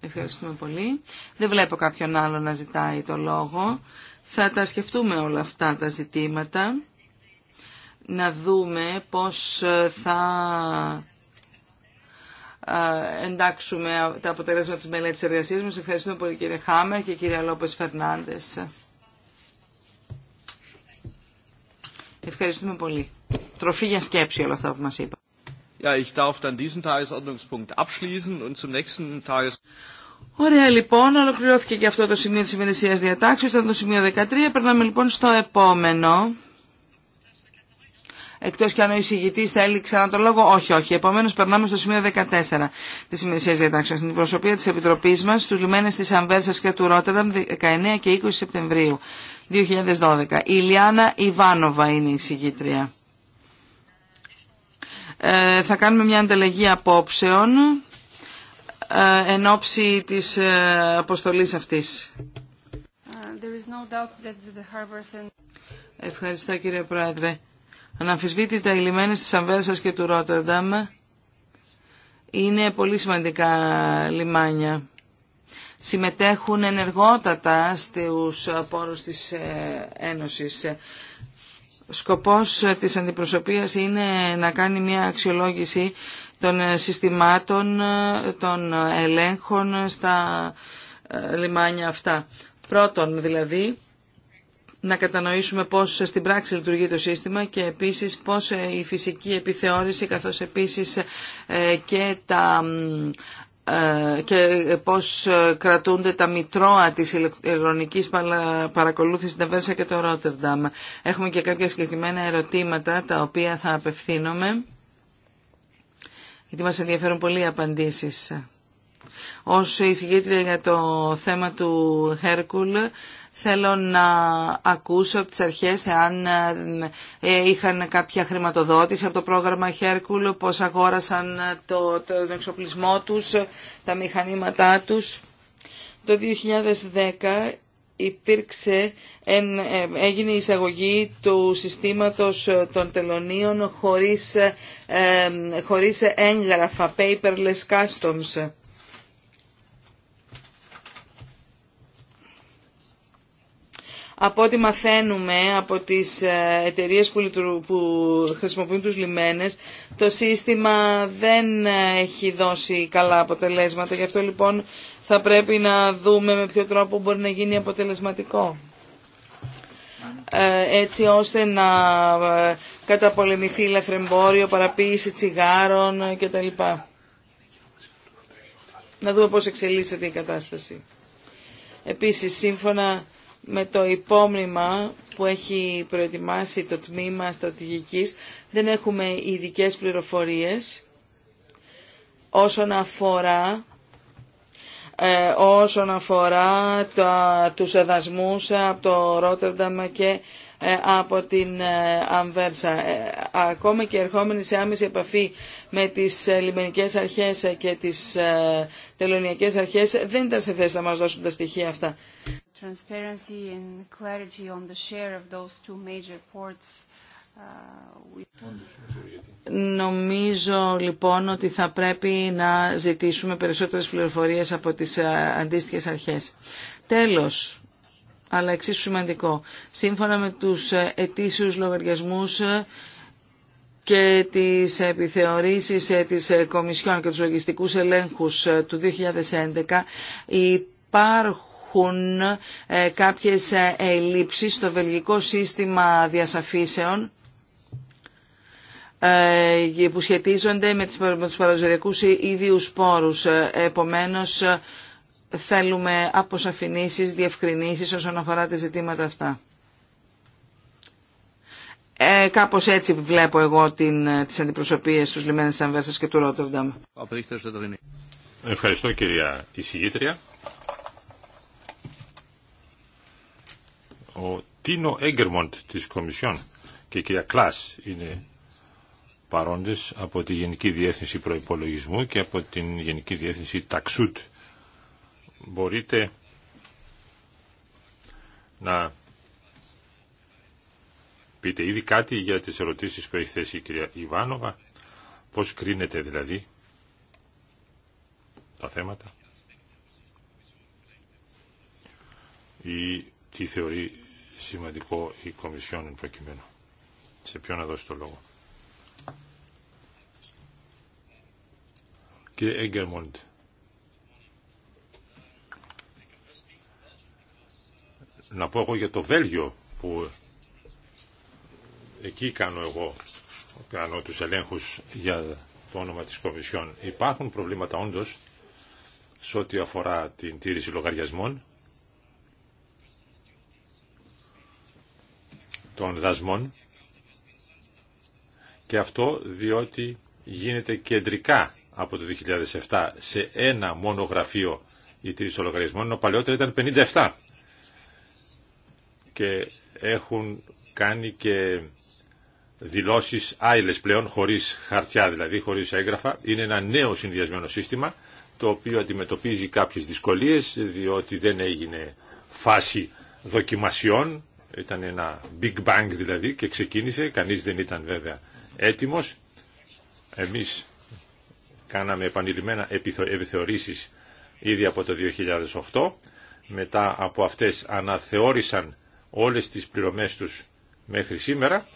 Speaker 3: Ευχαριστούμε πολύ. Δεν βλέπω κάποιον άλλο να ζητάει το λόγο. Θα τα σκεφτούμε όλα αυτά τα ζητήματα, να δούμε πώς ε, θα ε, εντάξουμε τα αποτελέσματα της μελέτης εργασίας μας. Ευχαριστούμε πολύ κύριε Χάμερ και κύριε Λόπες Φερνάντες. Ευχαριστούμε πολύ. Τροφή για σκέψη όλα αυτά που μας είπα.
Speaker 1: Ja, ich darf dann diesen
Speaker 3: Tagesordnungspunkt abschließen und zum nächsten Ωραία λοιπόν, ολοκληρώθηκε και αυτό το σημείο της ημερησίας διατάξεως, ήταν το σημείο 13, περνάμε λοιπόν στο επόμενο. Εκτός κι αν ο εισηγητής θέλει ξανά τον λόγο, όχι, όχι. Επομένως περνάμε στο σημείο 14 της ημερησίας διατάξεως, Στην προσωπία της Επιτροπής μας, στους λιμένες της Αμβέρσας και του Ρότερνταμ 19 και 20 Σεπτεμβρίου 2012. Η Λιάννα Ιβάνοβα είναι η εισηγήτρια. Ε, θα κάνουμε μια ανταλλαγή απόψεων ε, εν ώψη της ε, αποστολής αυτής. Ευχαριστώ κύριε Πρόεδρε. Αναμφισβήτητα οι λιμένες της Αμβέρσας και του Ρότερνταμ είναι πολύ σημαντικά λιμάνια. Συμμετέχουν ενεργότατα στους πόρους της ε, Ένωσης. Σκοπός της αντιπροσωπείας είναι να κάνει μια αξιολόγηση των ε, συστημάτων ε, των ε, ελέγχων στα λιμάνια αυτά. Πρώτον, δηλαδή, να κατανοήσουμε πώς στην πράξη λειτουργεί το σύστημα και επίσης πώς η φυσική επιθεώρηση καθώς επίσης και τα και πώς κρατούνται τα μητρώα της ηλεκτρονικής παρακολούθησης στην και το Ρότερνταμ. Έχουμε και κάποια συγκεκριμένα ερωτήματα τα οποία θα απευθύνομαι γιατί μας ενδιαφέρουν πολύ απαντήσεις. Ως εισηγήτρια για το θέμα του Χέρκουλ, θέλω να ακούσω από τις αρχές εάν ε, είχαν κάποια χρηματοδότηση από το πρόγραμμα Χέρκουλ, πώς αγόρασαν το, τον εξοπλισμό τους, τα μηχανήματά τους. Το 2010 υπήρξε, ε, έγινε η εισαγωγή του συστήματος ε, των τελωνίων χωρίς, ε, χωρίς έγγραφα, paperless customs. από ό,τι μαθαίνουμε από τις ε, εταιρείε που, χρησιμοποιούν τους λιμένες, το σύστημα δεν ε, έχει δώσει καλά αποτελέσματα. Γι' αυτό λοιπόν θα πρέπει να δούμε με ποιο τρόπο μπορεί να γίνει αποτελεσματικό. Ε, έτσι ώστε να καταπολεμηθεί λαθρεμπόριο, παραποίηση τσιγάρων κτλ. Να δούμε πώς εξελίσσεται η κατάσταση. Επίσης, σύμφωνα με το υπόμνημα που έχει προετοιμάσει το τμήμα στρατηγικής δεν έχουμε ειδικέ πληροφορίες όσον αφορά ε, όσον αφορά τους εδασμούς από το Ρότερνταμ και ε, από την ε, Αμβέρσα. Ε, Ακόμα και ερχόμενοι σε άμεση επαφή με τις ε, λιμενικές αρχές και τις τελωνιακές αρχές δεν ήταν σε θέση να μας δώσουν τα στοιχεία αυτά. Νομίζω λοιπόν ότι θα πρέπει να ζητήσουμε περισσότερες πληροφορίες από τις ε, αντίστοιχες αρχές. Τέλος, αλλά εξίσου σημαντικό, σύμφωνα με τους ε, ετήσιους λογαριασμούς ε, και τις επιθεωρήσεις της Κομισιόν και τους λογιστικούς ελέγχους του 2011, υπάρχουν υπάρχουν ε, κάποιες ε, ελλείψεις στο βελγικό σύστημα διασαφήσεων ε, που σχετίζονται με τους παραδοσιακούς ίδιους πόρους. Επομένως, θέλουμε αποσαφηνήσεις, διευκρινήσεις όσον αφορά τα ζητήματα αυτά. Ε, κάπως έτσι βλέπω εγώ την, τις αντιπροσωπείες στους λιμένες και του Ρότερνταμ.
Speaker 2: Ευχαριστώ κυρία εισηγήτρια. ο Τίνο Έγκερμοντ της Κομισιόν και η κυρία Κλάς είναι παρόντες από τη Γενική Διεύθυνση Προϋπολογισμού και από την Γενική Διεύθυνση Ταξούτ. Μπορείτε να πείτε ήδη κάτι για τις ερωτήσεις που έχει θέσει η κυρία Ιβάνοβα, πώς κρίνεται δηλαδή τα θέματα ή τι θεωρεί σημαντικό η Κομισιόν εν προκειμένου. Σε ποιον να δώσει το λόγο. Κύριε Έγκερμοντ. Να πω εγώ για το Βέλγιο που εκεί κάνω εγώ, κάνω τους ελέγχους για το όνομα της Κομισιόν. Υπάρχουν προβλήματα όντως σε ό,τι αφορά την τήρηση λογαριασμών των δασμών και αυτό διότι γίνεται κεντρικά από το 2007 σε ένα μόνο γραφείο ιτήρηση των λογαριασμών, ενώ παλαιότερα ήταν 57. Και έχουν κάνει και δηλώσεις άειλες πλέον, χωρίς χαρτιά δηλαδή, χωρίς έγγραφα. Είναι ένα νέο συνδυασμένο σύστημα, το οποίο αντιμετωπίζει κάποιες δυσκολίες, διότι δεν έγινε φάση δοκιμασιών ήταν ένα big bang δηλαδή και ξεκίνησε, κανείς δεν ήταν βέβαια έτοιμος. Εμείς κάναμε επανειλημμένα επιθεωρήσεις ήδη από το 2008. Μετά από αυτές αναθεώρησαν όλες τις πληρωμές τους μέχρι σήμερα.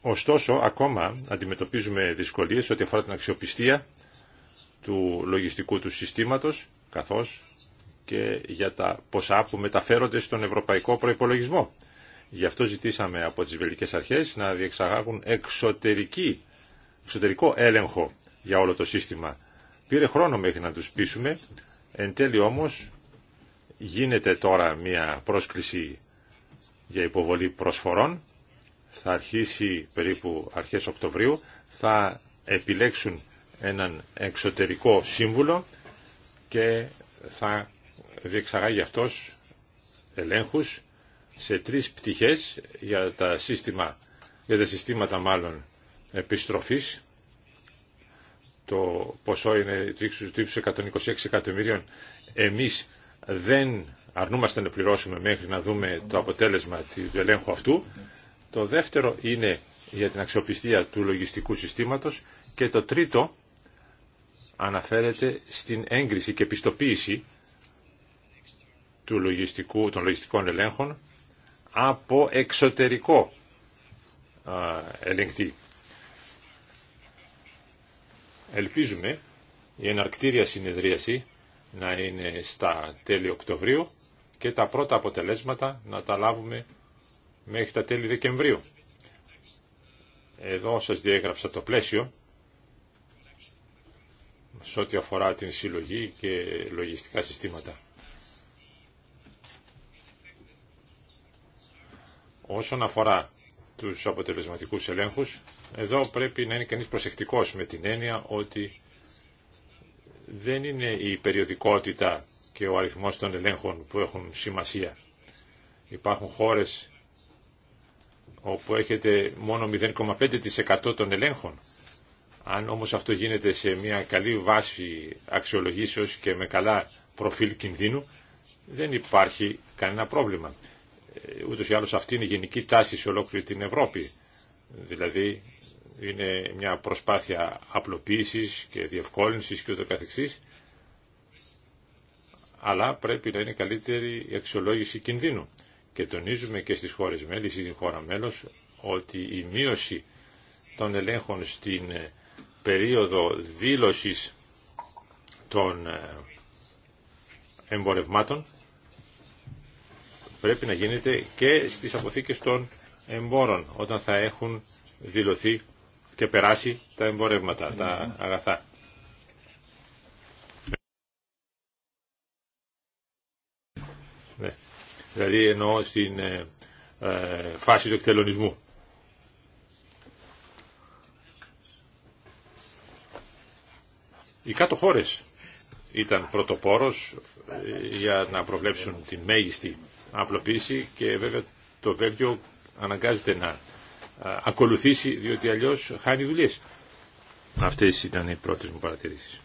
Speaker 2: Ωστόσο, ακόμα αντιμετωπίζουμε δυσκολίες ό,τι αφορά την αξιοπιστία του λογιστικού του συστήματος, καθώς και για τα ποσά που μεταφέρονται στον ευρωπαϊκό προϋπολογισμό. Γι' αυτό ζητήσαμε από τις βελικές αρχές να διεξαγάγουν εξωτερική, εξωτερικό έλεγχο για όλο το σύστημα. Πήρε χρόνο μέχρι να τους πείσουμε, εν τέλει όμως γίνεται τώρα μια πρόσκληση για υποβολή προσφορών, θα αρχίσει περίπου αρχές Οκτωβρίου, θα επιλέξουν έναν εξωτερικό σύμβουλο και θα διεξαγάγει αυτός ελέγχους σε τρεις πτυχές για τα, σύστημα, για τα συστήματα μάλλον επιστροφής. Το ποσό είναι του ύψους, του 126 εκατομμυρίων. Εμείς δεν αρνούμαστε να πληρώσουμε μέχρι να δούμε το αποτέλεσμα του ελέγχου αυτού. Το δεύτερο είναι για την αξιοπιστία του λογιστικού συστήματος και το τρίτο αναφέρεται στην έγκριση και πιστοποίηση του λογιστικού, των λογιστικών ελέγχων από εξωτερικό ελεγκτή. Ελπίζουμε η εναρκτήρια συνεδρίαση να είναι στα τέλη Οκτωβρίου και τα πρώτα αποτελέσματα να τα λάβουμε μέχρι τα τέλη Δεκεμβρίου. Εδώ σας διέγραψα το πλαίσιο σε ό,τι αφορά την συλλογή και λογιστικά συστήματα. Όσον αφορά τους αποτελεσματικούς ελέγχους, εδώ πρέπει να είναι κανείς προσεκτικός με την έννοια ότι δεν είναι η περιοδικότητα και ο αριθμός των ελέγχων που έχουν σημασία. Υπάρχουν χώρες όπου έχετε μόνο 0,5% των ελέγχων. Αν όμως αυτό γίνεται σε μια καλή βάση αξιολογήσεως και με καλά προφίλ κινδύνου, δεν υπάρχει κανένα πρόβλημα ούτως ή άλλως αυτή είναι η γενική τάση σε ολόκληρη την Ευρώπη. Δηλαδή είναι μια προσπάθεια απλοποίησης και διευκόλυνσης και ούτω καθεξής, αλλά πρέπει να είναι καλύτερη η αξιολόγηση κινδύνου. Και τονίζουμε και στις χώρες μέλη, στην χώρα μέλος, ότι η μείωση των ελέγχων στην ε, περίοδο δήλωσης των ε, εμπορευμάτων πρέπει να γίνεται και στις αποθήκες των εμπόρων όταν θα έχουν δηλωθεί και περάσει τα εμπορεύματα, τα αγαθά. Ναι. Δηλαδή εννοώ στην ε, ε φάση του εκτελονισμού. Οι κάτω χώρες ήταν πρωτοπόρος ε, για να προβλέψουν την μέγιστη απλοποίηση και βέβαια το Βέλγιο αναγκάζεται να ακολουθήσει διότι αλλιώς χάνει δουλειές. Αυτές ήταν οι πρώτες μου παρατηρήσεις.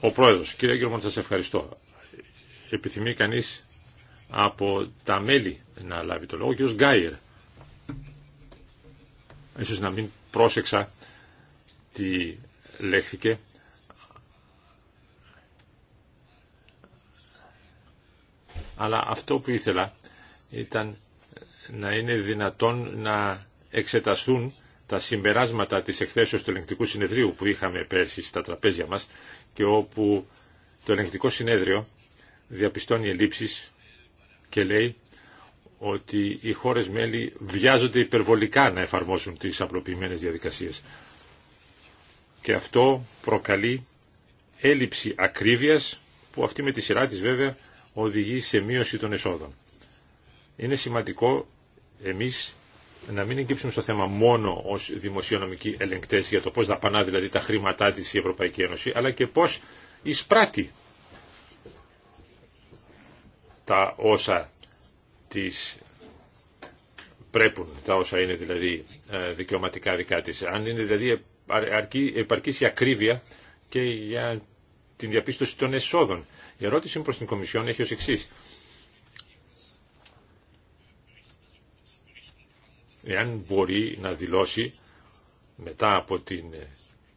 Speaker 2: Ο Πρόεδρος, κύριε Έγκερμοντ, σας ευχαριστώ. Επιθυμεί κανείς από τα μέλη να λάβει το λόγο. Ο κύριος Γκάιερ. Ίσως να μην πρόσεξα τι λέχθηκε. αλλά αυτό που ήθελα ήταν να είναι δυνατόν να εξεταστούν τα συμπεράσματα της εκθέσεως του ελεγκτικού συνεδρίου που είχαμε πέρσι στα τραπέζια μας και όπου το ελεγκτικό συνέδριο διαπιστώνει ελλείψεις και λέει ότι οι χώρες μέλη βιάζονται υπερβολικά να εφαρμόσουν τις απλοποιημένες διαδικασίες. Και αυτό προκαλεί έλλειψη ακρίβειας που αυτή με τη σειρά της βέβαια οδηγεί σε μείωση των εσόδων. Είναι σημαντικό εμείς να μην εγκύψουμε στο θέμα μόνο ως δημοσιονομικοί ελεγκτές για το πώς δαπανά δηλαδή τα χρήματά της η Ευρωπαϊκή Ένωση, αλλά και πώς εισπράττει τα όσα της πρέπουν, τα όσα είναι δηλαδή ε, δικαιωματικά δικά της. Αν είναι δηλαδή αρκεί, επαρκής η ακρίβεια και για την διαπίστωση των εσόδων. Η ερώτηση προς την Κομισιόν έχει ως εξή. Εάν μπορεί να δηλώσει μετά από την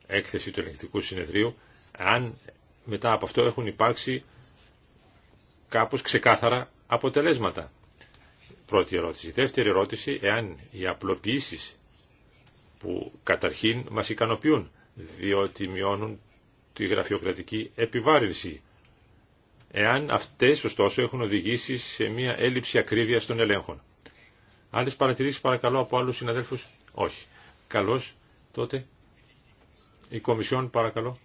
Speaker 2: έκθεση του ελεγκτικού συνεδρίου, αν μετά από αυτό έχουν υπάρξει κάπως ξεκάθαρα αποτελέσματα. Πρώτη ερώτηση. Δεύτερη ερώτηση, εάν οι απλοποιήσεις που καταρχήν μας ικανοποιούν, διότι μειώνουν τη γραφειοκρατική επιβάρυνση. Εάν αυτές ωστόσο έχουν οδηγήσει σε μια έλλειψη ακρίβειας των ελέγχων. Άλλες παρατηρήσεις παρακαλώ από άλλους συναδέλφους. Όχι. Καλώς τότε η Κομισιόν παρακαλώ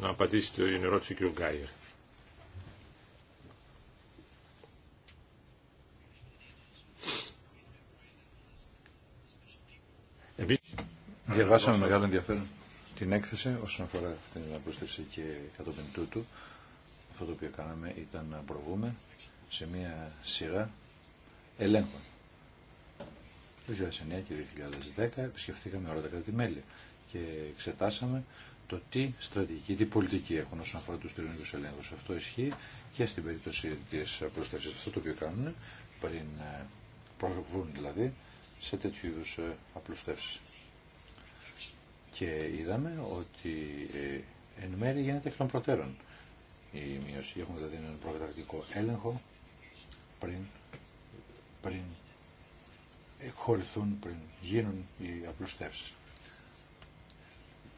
Speaker 2: να απαντήσει την ερώτηση του κ. Γκάιερ.
Speaker 1: διαβάσαμε μεγάλο ενδιαφέρον την έκθεση όσον αφορά την απλούστευση και κατόπιν τούτου. Αυτό το οποίο κάναμε ήταν να προβούμε σε μια σειρά ελέγχων. Το 2009 και 2010 επισκεφθήκαμε όλα τα κράτη-μέλη και εξετάσαμε το τι στρατηγική, τι πολιτική έχουν όσον αφορά του τελωνικού ελέγχου. Αυτό ισχύει και στην περίπτωση τη απλούστευση. Αυτό το οποίο κάνουν πριν ε, προβούν δηλαδή σε τέτοιου είδου ε, απλουστεύσει και είδαμε ότι ε, εν μέρει γίνεται εκ των προτέρων η μείωση. Έχουμε δηλαδή έναν προκαταρκτικό έλεγχο πριν, πριν εκχωρηθούν, πριν γίνουν οι απλουστεύσεις.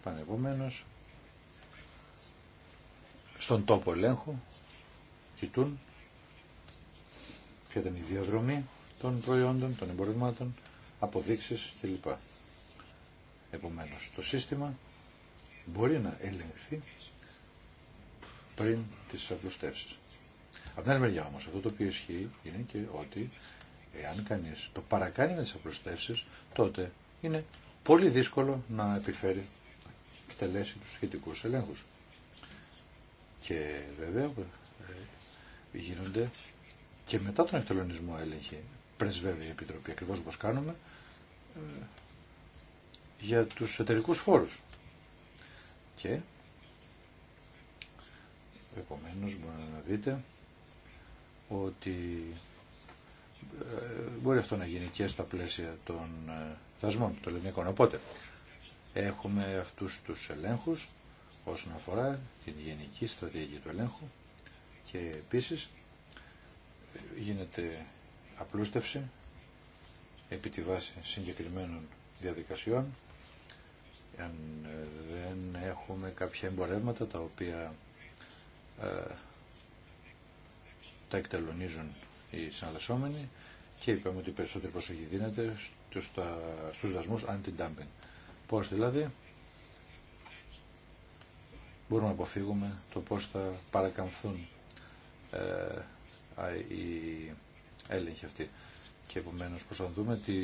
Speaker 1: Πανεπομένως, στον τόπο ελέγχου κοιτούν ποια ήταν η διαδρομή των προϊόντων, των εμπορευμάτων, αποδείξεις κλπ. Επομένως, το σύστημα μπορεί να ελεγχθεί πριν τις απλουστεύσεις. Από την άλλη μεριά όμως, αυτό το οποίο ισχύει είναι και ότι εάν κανείς το παρακάνει με τις απλουστεύσεις, τότε είναι πολύ δύσκολο να επιφέρει και τελέσει τους σχετικούς ελέγχους. Και βέβαια ε, γίνονται και μετά τον εκτελονισμό έλεγχοι πρεσβεύει η Επιτροπή, ακριβώς όπως κάνουμε ε, για τους εταιρικούς φόρους. Και επομένως μπορείτε να δείτε ότι ε, μπορεί αυτό να γίνει και στα πλαίσια των ε, δασμών των ελληνικών. Οπότε έχουμε αυτούς τους ελέγχους όσον αφορά την γενική στρατηγική του ελέγχου και επίσης γίνεται απλούστευση επί τη βάση συγκεκριμένων διαδικασιών αν ε, δεν έχουμε κάποια εμπορεύματα τα οποία ε, τα εκτελονίζουν οι συναλλασσόμενοι και είπαμε ότι περισσότερη προσοχή δίνεται στους, τα, στους δασμούς anti-dumping. Πώς δηλαδή μπορούμε να αποφύγουμε το πώς θα παρακαμφθούν ε, οι έλεγχοι αυτοί. Και επομένως πώς θα δούμε τι,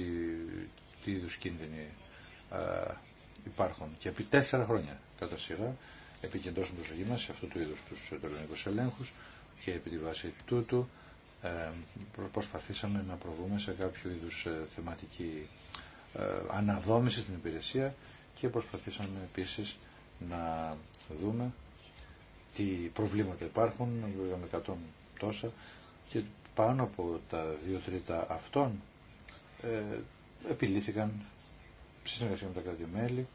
Speaker 1: τι είδους κίνδυνοι ε, υπάρχουν. Και επί τέσσερα χρόνια κατά σειρά το προσοχή μας σε αυτού του είδους τους ελληνικούς ελέγχους και επί τη βάση τούτου ε, προσπαθήσαμε να προβούμε σε κάποιο είδους ε, θεματική ε, αναδόμηση στην υπηρεσία και προσπαθήσαμε επίσης να δούμε τι προβλήματα υπάρχουν, με 100 τόσα και πάνω από τα δύο τρίτα αυτών ε, επιλύθηκαν σε συνεργασία με τα κράτη-μέλη,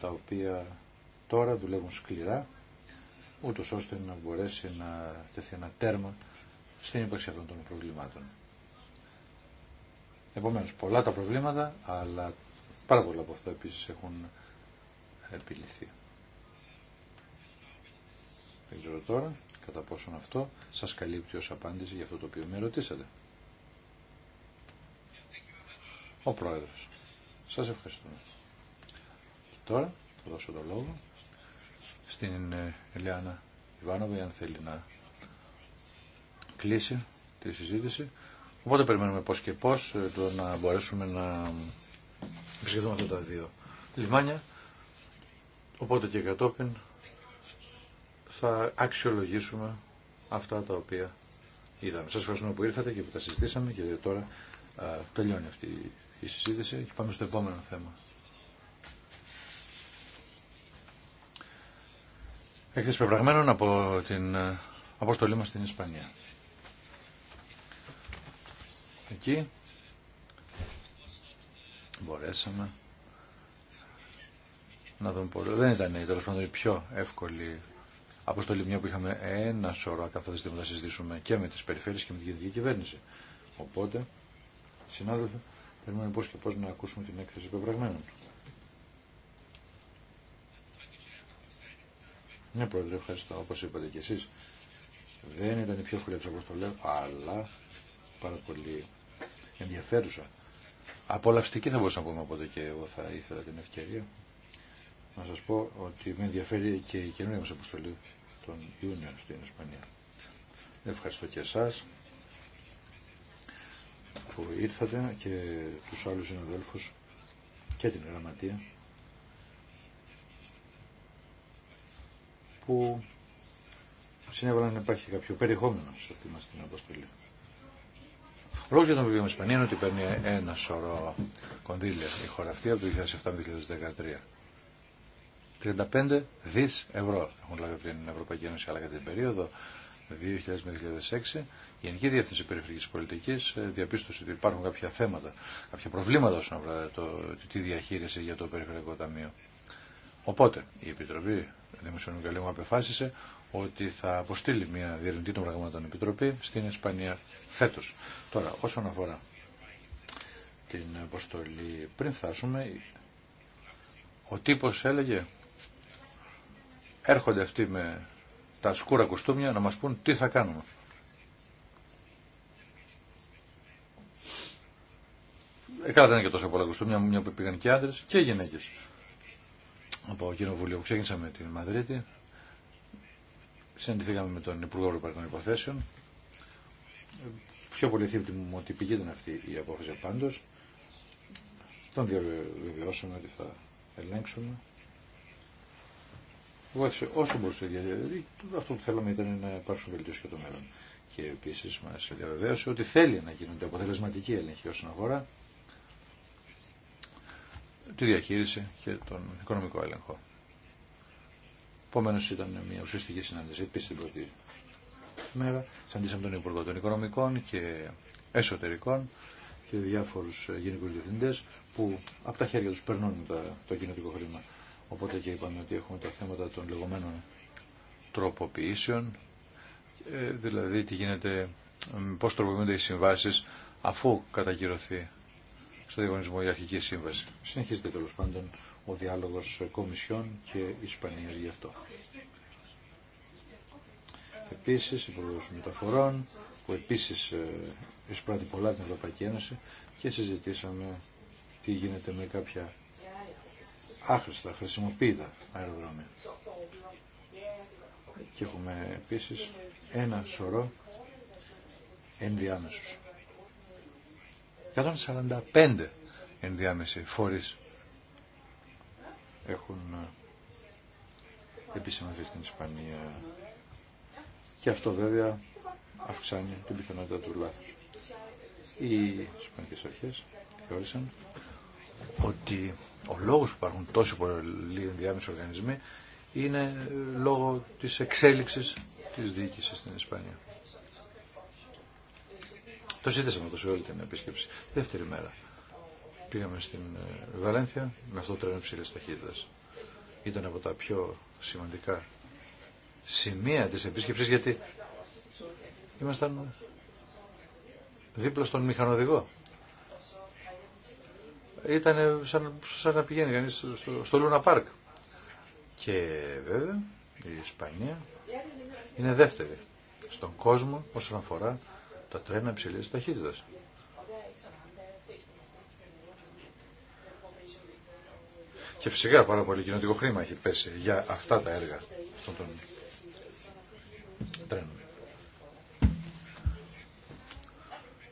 Speaker 1: τα οποία τώρα δουλεύουν σκληρά, ούτω ώστε να μπορέσει να τεθεί ένα τέρμα στην ύπαρξη αυτών των προβλημάτων. Επομένω, πολλά τα προβλήματα, αλλά πάρα πολλά από αυτά επίσης έχουν επιληθεί. Δεν ξέρω τώρα κατά πόσον αυτό σας καλύπτει ως απάντηση για αυτό το οποίο με ρωτήσατε. Ο Πρόεδρος. Σας ευχαριστούμε. Και τώρα θα δώσω το λόγο στην ε, Ελιάνα Ιβάνοβη αν θέλει να κλείσει τη συζήτηση. Οπότε περιμένουμε πώς και πώς ε, το να μπορέσουμε να επισκεφθούμε αυτά τα δύο λιμάνια. Οπότε και κατόπιν θα αξιολογήσουμε αυτά τα οποία είδαμε. Σας ευχαριστούμε που ήρθατε και που τα συζητήσαμε και τώρα τελειώνει αυτή η η συζήτηση και πάμε στο επόμενο θέμα. Έχετε πεπραγμένων από την ε, αποστολή μας στην Ισπανία. Εκεί μπορέσαμε να δούμε πολύ. Δεν ήταν η πάντων η πιο εύκολη αποστολή μια που είχαμε ένα σωρό ακαθόδη να συζητήσουμε και με τις περιφέρειες και με την κεντρική κυβέρνηση. Οπότε, συνάδελφοι, Περιμένουμε πώς και πώς να ακούσουμε την έκθεση των πραγμένων. Ναι, Πρόεδρε, ευχαριστώ. Όπως είπατε και εσείς, δεν ήταν η πιο όπως το αποστολή, αλλά πάρα πολύ ενδιαφέρουσα. Απολαυστική θα μπορούσα να πούμε, οπότε και εγώ θα ήθελα την ευκαιρία να σας πω ότι με ενδιαφέρει και η καινούργια μας αποστολή των Ιούνιο στην Ισπανία. Ευχαριστώ και εσάς που ήρθατε και τους άλλους συναδέλφους και την γραμματεία που συνέβαλαν να υπάρχει κάποιο περιεχόμενο σε αυτή μας την αποστολή. Λόγω για τον βιβλίο Μεσπανία είναι ότι παίρνει ένα σωρό κονδύλια η χώρα αυτή από το 2007-2013. 35 δις ευρώ έχουν λάβει από την Ευρωπαϊκή Ένωση αλλά για την περίοδο 2000 με 2006 η Γενική Διεύθυνση περιφερειακή πολιτική, ε, διαπίστωσε ότι υπάρχουν κάποια θέματα, κάποια προβλήματα όσον αφορά τη διαχείριση για το Περιφερειακό Ταμείο. Οπότε η Επιτροπή Δημοσιονομικού Ελέγχου αποφάσισε ότι θα αποστείλει μια διερευνητή των πραγμάτων επιτροπή στην Ισπανία φέτο. Τώρα, όσον αφορά την αποστολή, πριν φτάσουμε, ο τύπο έλεγε έρχονται αυτοί με τα σκούρα κουστούμια να μας πούν τι θα κάνουμε. Ε, καλά δεν είναι και τόσο πολλά κουστούμια, μια που πήγαν και άντρε και γυναίκε. Από κοινοβούλιο που ξεκίνησα με την Μαδρίτη, συναντηθήκαμε με τον Υπουργό Ευρωπαϊκών Υποθέσεων. Πιο πολύ θύμτη μου ότι πηγή ήταν αυτή η απόφαση πάντω. Τον διαβεβαιώσαμε ότι θα ελέγξουμε. Βοήθησε όσο μπορούσε. Αυτό που θέλαμε ήταν να υπάρξουν βελτιώσει και το μέλλον. Και επίση μα διαβεβαίωσε ότι θέλει να γίνονται αποτελεσματικοί έλεγχοι όσον αφορά τη διαχείριση και τον οικονομικό έλεγχο. Επομένω ήταν μια ουσιαστική συνάντηση. Επίση την πρώτη μέρα συναντήσαμε τον Υπουργό των Οικονομικών και Εσωτερικών και διάφορου γενικού διευθυντέ που από τα χέρια του περνούν το κοινωτικό χρήμα. Οπότε και είπαμε ότι έχουμε τα θέματα των λεγόμενων τροποποιήσεων, ε, δηλαδή τι γίνεται, ε, πώ τροποποιούνται οι συμβάσει αφού κατακυρωθεί στο διαγωνισμό η αρχική σύμβαση. Συνεχίζεται τέλο πάντων ο διάλογο Κομισιόν και Ισπανία γι' αυτό. Επίση, η Υπουργό Μεταφορών, που επίση ε, εισπράττει πολλά την Ευρωπαϊκή Ένωση και συζητήσαμε τι γίνεται με κάποια άχρηστα, χρησιμοποιητά αεροδρόμια. Και έχουμε επίσης ένα σωρό ενδιάμεσους. 145 ενδιάμεση φορείς έχουν ε, επισημανθεί στην Ισπανία και αυτό βέβαια αυξάνει την πιθανότητα του λάθους. Οι Ισπανικές αρχές θεώρησαν ότι ο λόγος που υπάρχουν τόσοι πολλοί ενδιάμεσοι οργανισμοί είναι ε, λόγω της εξέλιξης της διοίκησης στην Ισπανία. Το ζήτησαμε το σε όλη την επίσκεψη. Δεύτερη μέρα. Πήγαμε στην ε, Βαλένθια με αυτό το τρένο ψηλή ταχύτητα. Ήταν από τα πιο σημαντικά σημεία τη επίσκεψη γιατί ήμασταν δίπλα στον μηχανοδηγό. Ήταν σαν, σαν να πηγαίνει κανεί στο, στο Λούνα Πάρκ. Και βέβαια η Ισπανία είναι δεύτερη στον κόσμο όσον αφορά τα τρένα ψηλής ταχύτητας. Και φυσικά πάρα πολύ κοινωτικό χρήμα έχει πέσει για αυτά τα έργα αυτών των τρένων.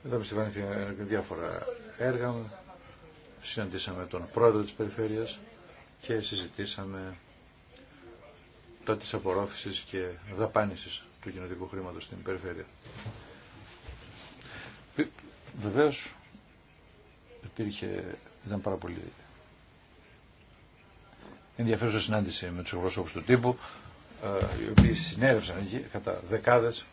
Speaker 1: Εδώ με διάφορα έργα συναντήσαμε τον πρόεδρο της περιφέρειας και συζητήσαμε τα της απορρόφησης και δαπάνησης του κοινωτικού χρήματος στην περιφέρεια. Ε, Βεβαίω υπήρχε, ήταν πάρα πολύ ενδιαφέρουσα συνάντηση με τους εκπροσώπους του τύπου, ε, οι οποίοι συνέρευσαν εκεί κατά δεκάδες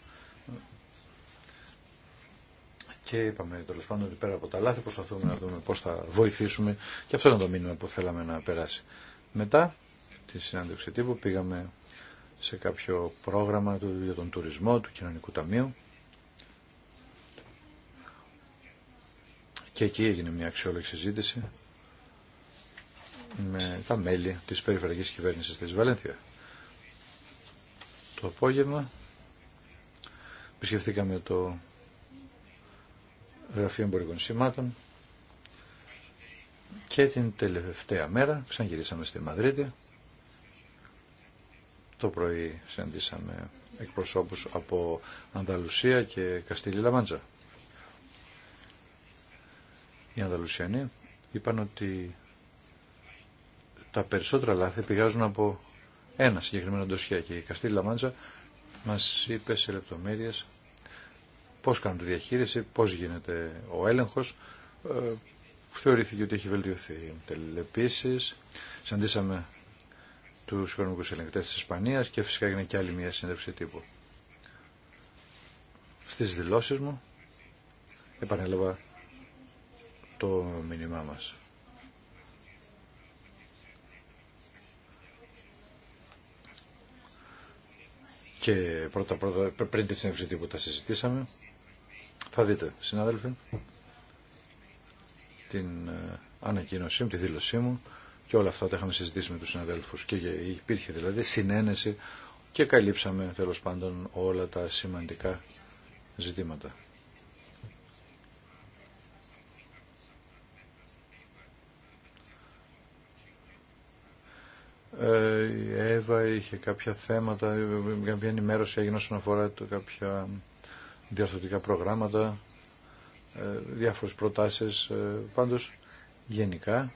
Speaker 1: και είπαμε τέλο πάντων ότι πέρα από τα λάθη προσπαθούμε να δούμε πώς θα βοηθήσουμε και αυτό ήταν το μήνυμα που θέλαμε να περάσει. Μετά τη συνάντηση τύπου πήγαμε σε κάποιο πρόγραμμα για τον τουρισμό του Κοινωνικού Ταμείου Και εκεί έγινε μια αξιόλογη συζήτηση με τα μέλη της περιφερειακής κυβέρνησης της Βαλένθια. Το απόγευμα επισκεφθήκαμε το Γραφείο Εμπορικών Σημάτων και την τελευταία μέρα ξαναγυρίσαμε στη Μαδρίτη. Το πρωί συναντήσαμε εκπροσώπους από Ανταλουσία και Καστήλη Λαμάντζα οι Ανδαλουσιανοί είπαν ότι τα περισσότερα λάθη πηγάζουν από ένα συγκεκριμένο ντοσιά και η Καστήλη Λαμάντζα μας είπε σε λεπτομέρειες πώς κάνουν τη διαχείριση, πώς γίνεται ο έλεγχος, ε, θεωρήθηκε ότι έχει βελτιωθεί. Επίσης, συναντήσαμε τους οικονομικούς ελεγκτές της Ισπανίας και φυσικά έγινε και άλλη μια συνέντευξη τύπου. Στις δηλώσεις μου επανέλαβα το μήνυμά μας. Και πρώτα πρώτα, πριν τη συνέντευξη που τα συζητήσαμε, θα δείτε, συνάδελφοι, την ε, ανακοίνωσή μου, τη δήλωσή μου και όλα αυτά τα είχαμε συζητήσει με τους συναδέλφους και υπήρχε δηλαδή συνένεση και καλύψαμε τέλος πάντων όλα τα σημαντικά ζητήματα. Ε, η Εύα είχε κάποια θέματα, κάποια ενημέρωση έγινε όσον αφορά το, κάποια διαρθρωτικά προγράμματα, ε, διάφορες προτάσεις. Ε, πάντως, γενικά,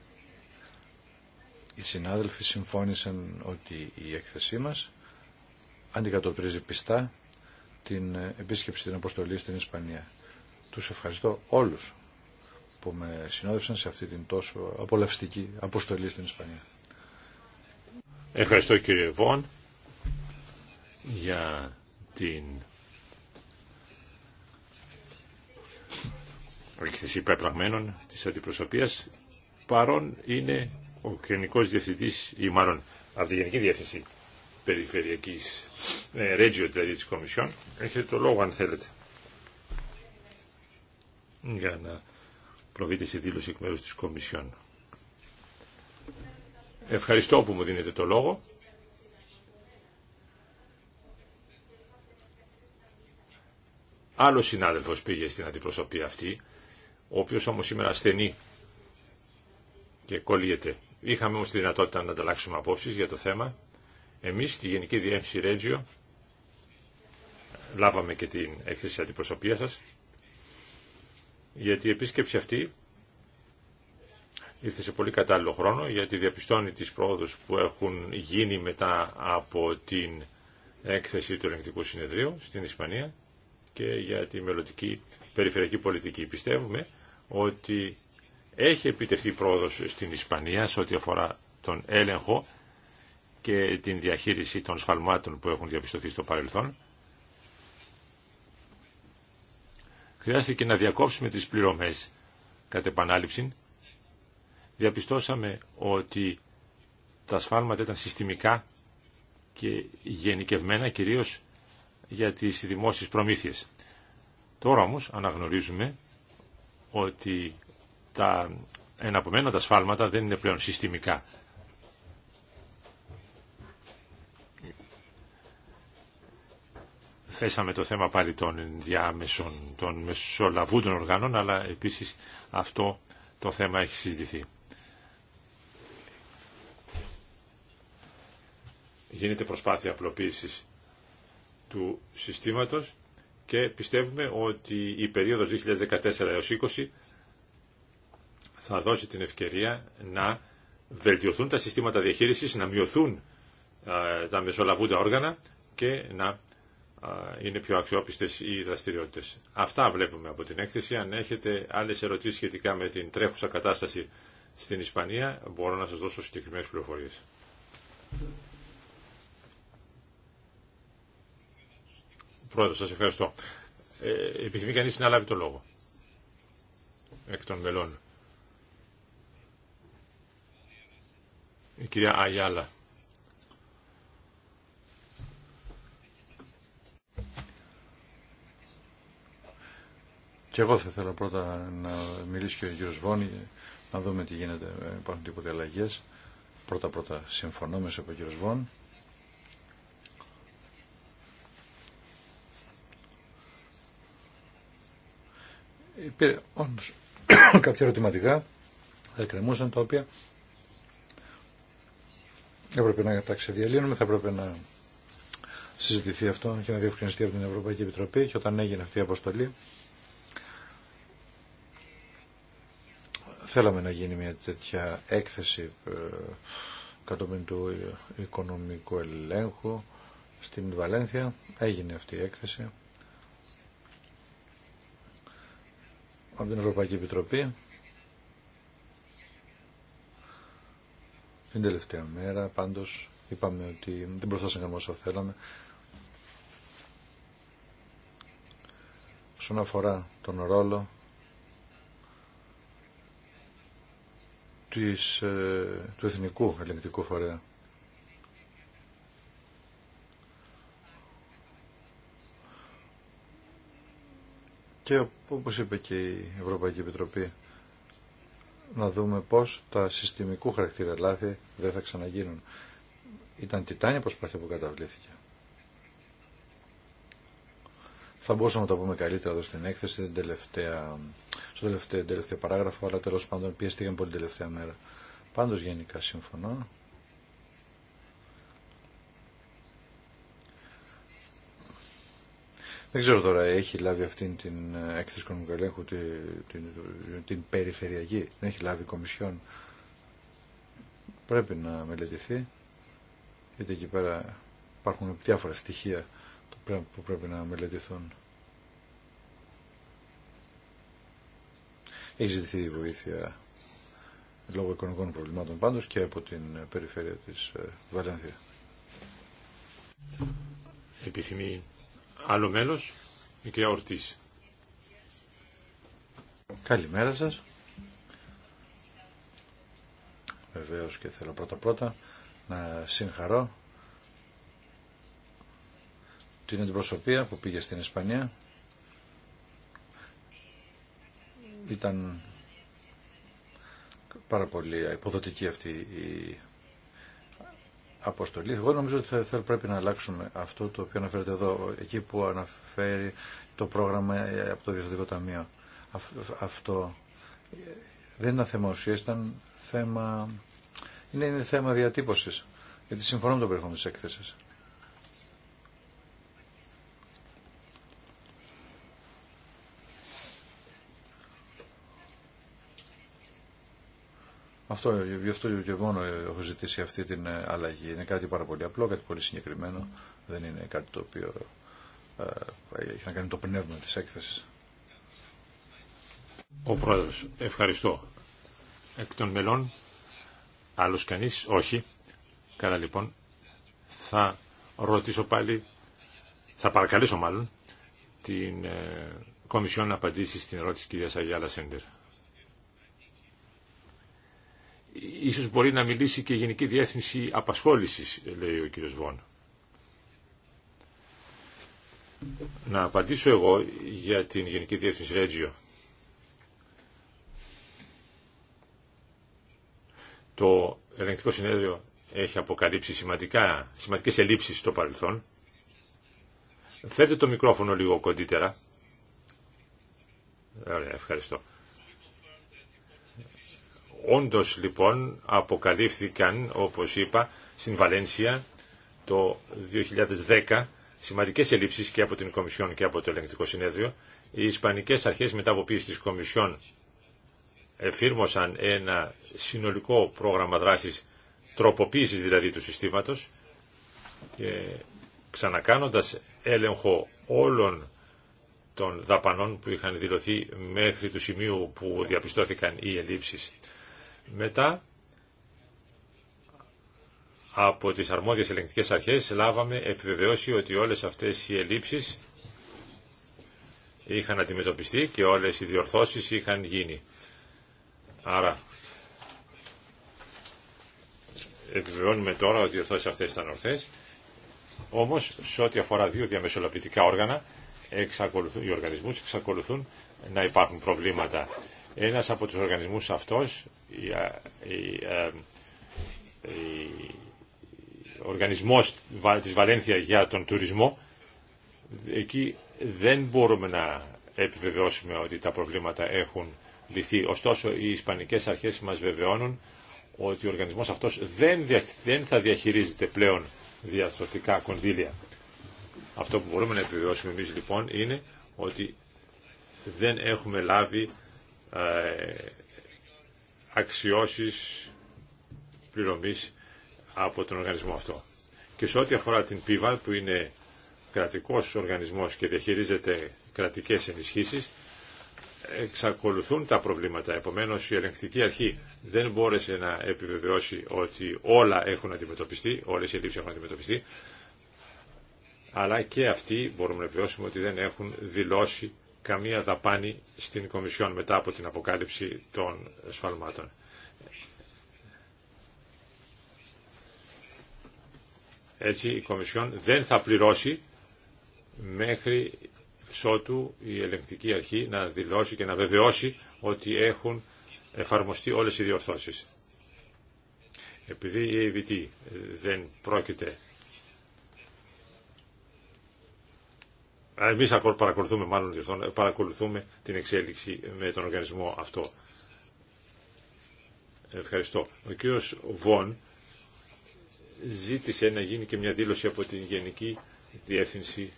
Speaker 1: οι συνάδελφοι συμφώνησαν ότι η έκθεσή μας αντικατοπτρίζει πιστά την επίσκεψη την αποστολή στην Ισπανία. Τους ευχαριστώ όλους που με συνόδευσαν σε αυτή την τόσο απολαυστική αποστολή στην Ισπανία.
Speaker 2: Ευχαριστώ κύριε Βόν για την έκθεση πεπραγμένων της αντιπροσωπείας. Παρόν είναι ο Γενικός Διευθυντής ή μάλλον από τη Γενική Διεύθυνση Περιφερειακής ε, δηλαδή της Κομισιόν. Έχετε το λόγο αν θέλετε για να προβείτε σε δήλωση εκ μέρους της Κομισιόν. Ευχαριστώ που μου δίνετε το λόγο. Άλλος συνάδελφος πήγε στην αντιπροσωπεία αυτή, ο οποίος όμως σήμερα ασθενεί και κολλείεται. Είχαμε όμως τη δυνατότητα να ανταλλάξουμε απόψεις για το θέμα. Εμείς στη Γενική Διεύθυνση Ρέτζιο λάβαμε και την έκθεση αντιπροσωπεία σας, γιατί η επίσκεψη αυτή ήρθε σε πολύ κατάλληλο χρόνο γιατί διαπιστώνει τις πρόοδους που έχουν γίνει μετά από την έκθεση του ελεγκτικού συνεδρίου στην Ισπανία και για τη μελλοντική περιφερειακή πολιτική. Πιστεύουμε ότι έχει επιτευχθεί πρόοδος στην Ισπανία σε ό,τι αφορά τον έλεγχο και την διαχείριση των σφαλμάτων που έχουν διαπιστωθεί στο παρελθόν. Χρειάστηκε να διακόψουμε τις πληρωμές κατ' επανάληψη διαπιστώσαμε ότι τα σφάλματα ήταν συστημικά και γενικευμένα κυρίως για τις δημόσιες προμήθειες. Τώρα όμως αναγνωρίζουμε ότι τα εναπομένα τα σφάλματα δεν είναι πλέον συστημικά. Θέσαμε το θέμα πάλι των διάμεσων, των μεσολαβούντων οργάνων, αλλά επίσης αυτό το θέμα έχει συζητηθεί. γίνεται προσπάθεια απλοποίησης του συστήματος και πιστεύουμε ότι η περίοδος 2014 έως 20 θα δώσει την ευκαιρία να βελτιωθούν τα συστήματα διαχείρισης, να μειωθούν τα μεσολαβούντα όργανα και να είναι πιο αξιόπιστες οι δραστηριότητες. Αυτά βλέπουμε από την έκθεση. Αν έχετε άλλες ερωτήσεις σχετικά με την τρέχουσα κατάσταση στην Ισπανία, μπορώ να σας δώσω συγκεκριμένες πληροφορίες. Πρόεδρε, σα ευχαριστώ. Ε, επιθυμεί κανείς να λάβει το λόγο εκ των μελών. Η κυρία Αγιάλα.
Speaker 1: Και εγώ θα ήθελα πρώτα να μιλήσει και ο κύριος Βόνη, να δούμε τι γίνεται, ε, υπάρχουν τίποτε αλλαγές. Πρώτα-πρώτα συμφωνώ με ο κύριο Βόν υπήρχε όντως κάποια ερωτηματικά, θα εκκρεμούσαν τα οποία έπρεπε να τα ξεδιαλύνουμε, θα έπρεπε να συζητηθεί αυτό και να διευκρινιστεί από την Ευρωπαϊκή Επιτροπή και όταν έγινε αυτή η αποστολή θέλαμε να γίνει μια τέτοια έκθεση ε, κατόπιν του ε, οικονομικού ελέγχου στην Βαλένθια. Έγινε αυτή η έκθεση. από την Ευρωπαϊκή Επιτροπή την τελευταία μέρα πάντως είπαμε ότι δεν προσθέσαμε όσο θέλαμε όσον αφορά τον ρόλο της, ε, του Εθνικού Ελεγκτικού Φορέα και όπως είπε και η Ευρωπαϊκή Επιτροπή να δούμε πώς τα συστημικού χαρακτήρα λάθη δεν θα ξαναγίνουν. Ήταν τιτάνια προσπάθεια που καταβλήθηκε. Θα μπορούσαμε να το πούμε καλύτερα εδώ στην έκθεση, την τελευταία, στο τελευταίο, τελευταίο παράγραφο, αλλά τέλος πάντων πιέστηκαν πολύ τελευταία μέρα. Πάντως γενικά συμφωνώ. Δεν ξέρω τώρα, έχει λάβει αυτήν την ε, έκθεση οικονομικού την, την, την περιφερειακή, δεν έχει λάβει Κομισιόν. Πρέπει να μελετηθεί, γιατί εκεί πέρα υπάρχουν διάφορα στοιχεία που πρέπει να μελετηθούν. Έχει ζητηθεί βοήθεια λόγω οικονομικών προβλημάτων πάντως και από την περιφέρεια της ε,
Speaker 2: Βαλένθια. Επιθυμεί Άλλο μέλος, η κυρία Ορτής. Καλημέρα σας.
Speaker 1: Βεβαίως και θέλω πρώτα πρώτα να συγχαρώ την αντιπροσωπεία που πήγε στην Ισπανία. Ήταν πάρα πολύ υποδοτική αυτή η αποστολή. Εγώ νομίζω ότι θα, θα πρέπει να αλλάξουμε αυτό το οποίο αναφέρεται εδώ, εκεί που αναφέρει το πρόγραμμα ε, από το Διευθυντικό Ταμείο. Αυτό δεν είναι θέμα ουσία, ήταν θέμα... Είναι, είναι θέμα διατύπωσης, γιατί συμφωνώ με το περιεχόμενο τη έκθεση. Αυτό, γι' αυτό και μόνο έχω ζητήσει αυτή την ε, αλλαγή. Είναι κάτι πάρα πολύ απλό, κάτι πολύ συγκεκριμένο. Δεν είναι κάτι το οποίο ε, έχει να κάνει το πνεύμα της έκθεσης.
Speaker 2: Ο Πρόεδρος, ευχαριστώ. Εκ των μελών, άλλος κανείς, όχι. Καλά λοιπόν, θα ρωτήσω πάλι, θα παρακαλέσω μάλλον, την ε, Κομισιόν να απαντήσει στην ερώτηση της κυρίας Αγιάλα Σέντερ. Ίσως μπορεί να μιλήσει και η Γενική Διεύθυνση Απασχόλησης, λέει ο κύριος Βόν. Να απαντήσω εγώ για την Γενική Διεύθυνση Ρέτζιο. Το ελεγκτικό συνέδριο έχει αποκαλύψει σημαντικά, σημαντικές ελλείψεις στο παρελθόν. Φέρτε το μικρόφωνο λίγο κοντύτερα. Ωραία, ευχαριστώ. Όντως λοιπόν αποκαλύφθηκαν, όπως είπα, στην Βαλένσια το 2010 σημαντικές ελλείψεις και από την Κομισιόν και από το Ελεγκτικό Συνέδριο. Οι Ισπανικές αρχές μετά από πίεση της Κομισιόν εφήρμοσαν ένα συνολικό πρόγραμμα δράσης τροποποίησης δηλαδή του συστήματος και ξανακάνοντας έλεγχο όλων των δαπανών που είχαν δηλωθεί μέχρι του σημείου που διαπιστώθηκαν οι ελλείψεις. Μετά από τις αρμόδιες ελεγκτικές αρχές λάβαμε επιβεβαιώσει ότι όλες αυτές οι ελλείψεις είχαν αντιμετωπιστεί και όλες οι διορθώσεις είχαν γίνει. Άρα επιβεβαιώνουμε τώρα ότι οι διορθώσεις αυτές ήταν ορθές. Όμως σε ό,τι αφορά δύο διαμεσολαπητικά όργανα, εξακολουθούν, οι οργανισμούς εξακολουθούν να υπάρχουν προβλήματα. Ένας από τους οργανισμούς αυτός, η, ε, η, ε, η, οργανισμός της Βαλένθια για τον τουρισμό, εκεί δεν μπορούμε να επιβεβαιώσουμε ότι τα προβλήματα έχουν λυθεί. Ωστόσο, οι ισπανικές αρχές μας βεβαιώνουν ότι ο οργανισμός αυτός δεν, δεν θα διαχειρίζεται πλέον διαθροτικά κονδύλια. Αυτό που μπορούμε να επιβεβαιώσουμε εμείς λοιπόν είναι ότι δεν έχουμε λάβει ε, αξιώσεις πληρωμής από τον οργανισμό αυτό. Και σε ό,τι αφορά την ΠΙΒΑ που είναι κρατικός οργανισμός και διαχειρίζεται κρατικές ενισχύσεις, εξακολουθούν τα προβλήματα. Επομένως η ελεγκτική αρχή δεν μπόρεσε να επιβεβαιώσει ότι όλα έχουν αντιμετωπιστεί, όλες οι ελλείψεις έχουν αντιμετωπιστεί, αλλά και αυτοί μπορούμε να επιβεβαιώσουμε ότι δεν έχουν δηλώσει καμία δαπάνη στην Κομισιόν μετά από την αποκάλυψη των σφαλμάτων. Έτσι η Κομισιόν δεν θα πληρώσει μέχρι σότου η ελεγκτική αρχή να δηλώσει και να βεβαιώσει ότι έχουν εφαρμοστεί όλες οι διορθώσεις. Επειδή η AVT δεν πρόκειται Εμεί παρακολουθούμε, μάλλον, ε, παρακολουθούμε την εξέλιξη με τον οργανισμό αυτό. Ευχαριστώ. Ο κύριος Βον ζήτησε να γίνει και μια δήλωση από την Γενική Διεύθυνση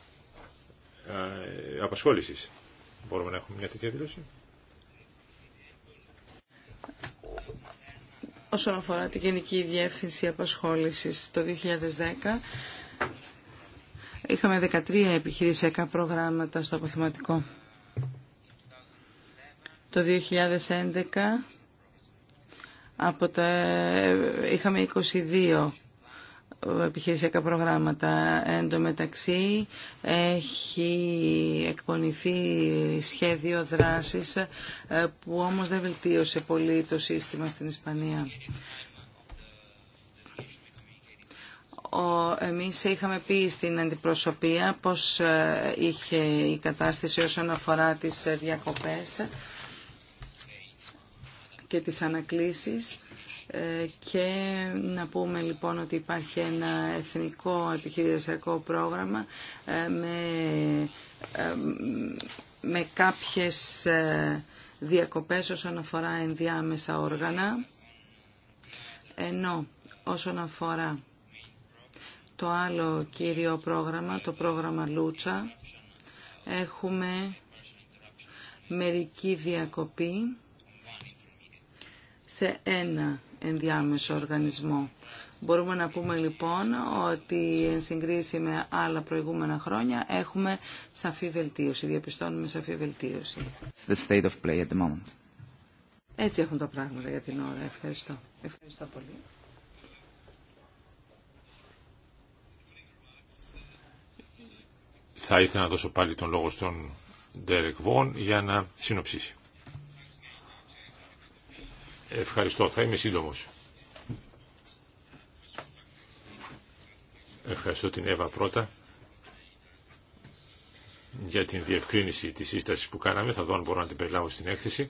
Speaker 2: ε, Απασχόλησης. Μπορούμε να έχουμε μια τέτοια δήλωση.
Speaker 3: Όσον αφορά την Γενική Διεύθυνση Απασχόλησης το 2010, είχαμε 13 επιχειρησιακά προγράμματα στο αποθηματικό. Το 2011 από τα, ε, είχαμε 22 επιχειρησιακά προγράμματα. Εν τω μεταξύ έχει εκπονηθεί σχέδιο δράσης ε, που όμως δεν βελτίωσε πολύ το σύστημα στην Ισπανία εμείς είχαμε πει στην αντιπροσωπεία πως ε, είχε η κατάσταση όσον αφορά τις ε, διακοπές και τις ανακλήσεις ε, και να πούμε λοιπόν ότι υπάρχει ένα εθνικό επιχειρησιακό πρόγραμμα με, με κάποιες διακοπές όσον αφορά ενδιάμεσα όργανα ενώ όσον αφορά το άλλο κύριο πρόγραμμα, το πρόγραμμα Λούτσα, έχουμε μερική διακοπή σε ένα ενδιάμεσο οργανισμό. Μπορούμε να πούμε λοιπόν ότι εν συγκρίση με άλλα προηγούμενα χρόνια έχουμε σαφή βελτίωση, διαπιστώνουμε σαφή βελτίωση. the state of play at the moment. Έτσι έχουν τα πράγματα για την ώρα. Ευχαριστώ. Ευχαριστώ πολύ.
Speaker 2: θα ήθελα να δώσω πάλι τον λόγο στον Ντέρεκ Βόν για να συνοψίσει. Ευχαριστώ, θα είμαι σύντομος. Ευχαριστώ την Εύα πρώτα για την διευκρίνηση της σύστασης που κάναμε. Θα δω αν μπορώ να την περιλάβω στην έκθεση.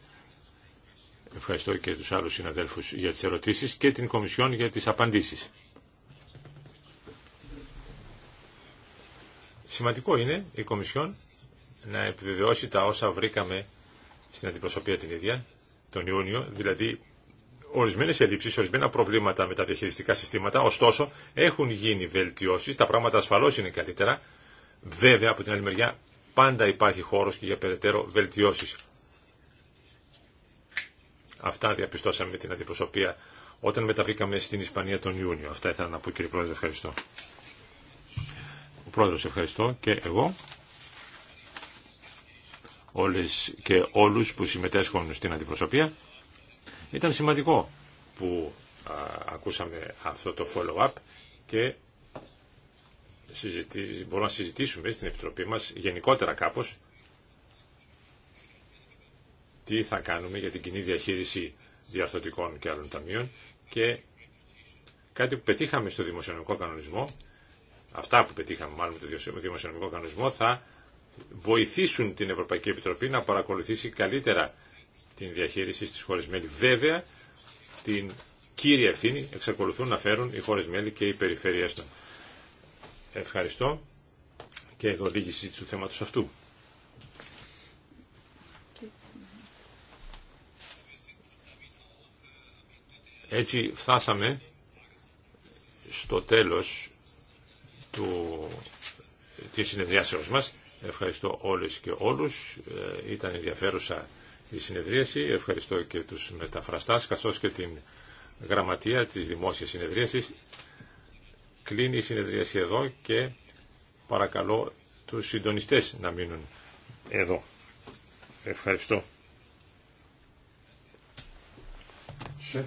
Speaker 2: Ευχαριστώ και τους άλλους συναδέλφους για τις ερωτήσεις και την Κομισιόν για τις απαντήσεις. Σημαντικό είναι η Κομισιόν να επιβεβαιώσει τα όσα βρήκαμε στην αντιπροσωπεία την ίδια τον Ιούνιο, δηλαδή ορισμένες ελλείψεις, ορισμένα προβλήματα με τα διαχειριστικά συστήματα, ωστόσο έχουν γίνει βελτιώσεις, τα πράγματα ασφαλώς είναι καλύτερα, βέβαια από την άλλη μεριά πάντα υπάρχει χώρος και για περαιτέρω βελτιώσεις. Αυτά διαπιστώσαμε την αντιπροσωπεία όταν μεταβήκαμε στην Ισπανία τον Ιούνιο. Αυτά ήθελα να πω κύριε Πρόεδρε, ευχαριστώ. Πρόεδρος, ευχαριστώ και εγώ όλες και όλους που συμμετέσχουν στην αντιπροσωπεία. Ήταν σημαντικό που ακούσαμε αυτό το follow-up και μπορούμε να συζητήσουμε στην Επιτροπή μας γενικότερα κάπως τι θα κάνουμε για την κοινή διαχείριση διαρθωτικών και άλλων ταμείων και κάτι που πετύχαμε στο δημοσιονομικό κανονισμό αυτά που πετύχαμε μάλλον με το δημοσιονομικό κανονισμό θα βοηθήσουν την Ευρωπαϊκή Επιτροπή να παρακολουθήσει καλύτερα την διαχείριση στις χώρες μέλη. Βέβαια, την κύρια ευθύνη εξακολουθούν να φέρουν οι χώρες μέλη και οι περιφέρειές των. Ευχαριστώ και εδώ λίγη συζήτηση του θέματος αυτού. Έτσι φτάσαμε στο τέλος του, της συνεδριάσεως μας. Ευχαριστώ όλες και όλους. Ε, ήταν ενδιαφέρουσα η συνεδρίαση. Ευχαριστώ και τους μεταφραστάς, καθώς και την γραμματεία της δημόσιας συνεδρίασης. Κλείνει η συνεδρίαση εδώ και παρακαλώ τους συντονιστές να μείνουν εδώ. Ευχαριστώ.
Speaker 1: Σεφ,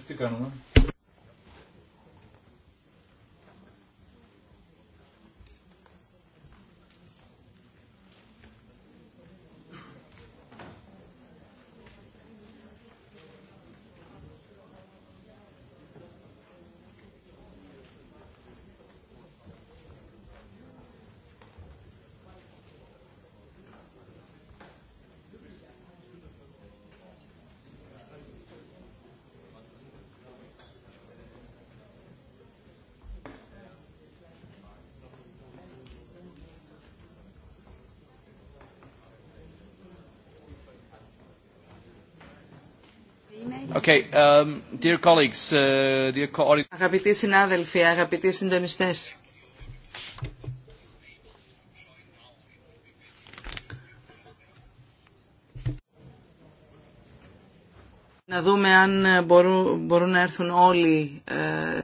Speaker 3: Okay, um, dear colleagues, uh, dear co αγαπητοί συνάδελφοι, αγαπητοί συντονιστές. Να δούμε αν μπορούν, μπορούν να έρθουν όλοι. Ε,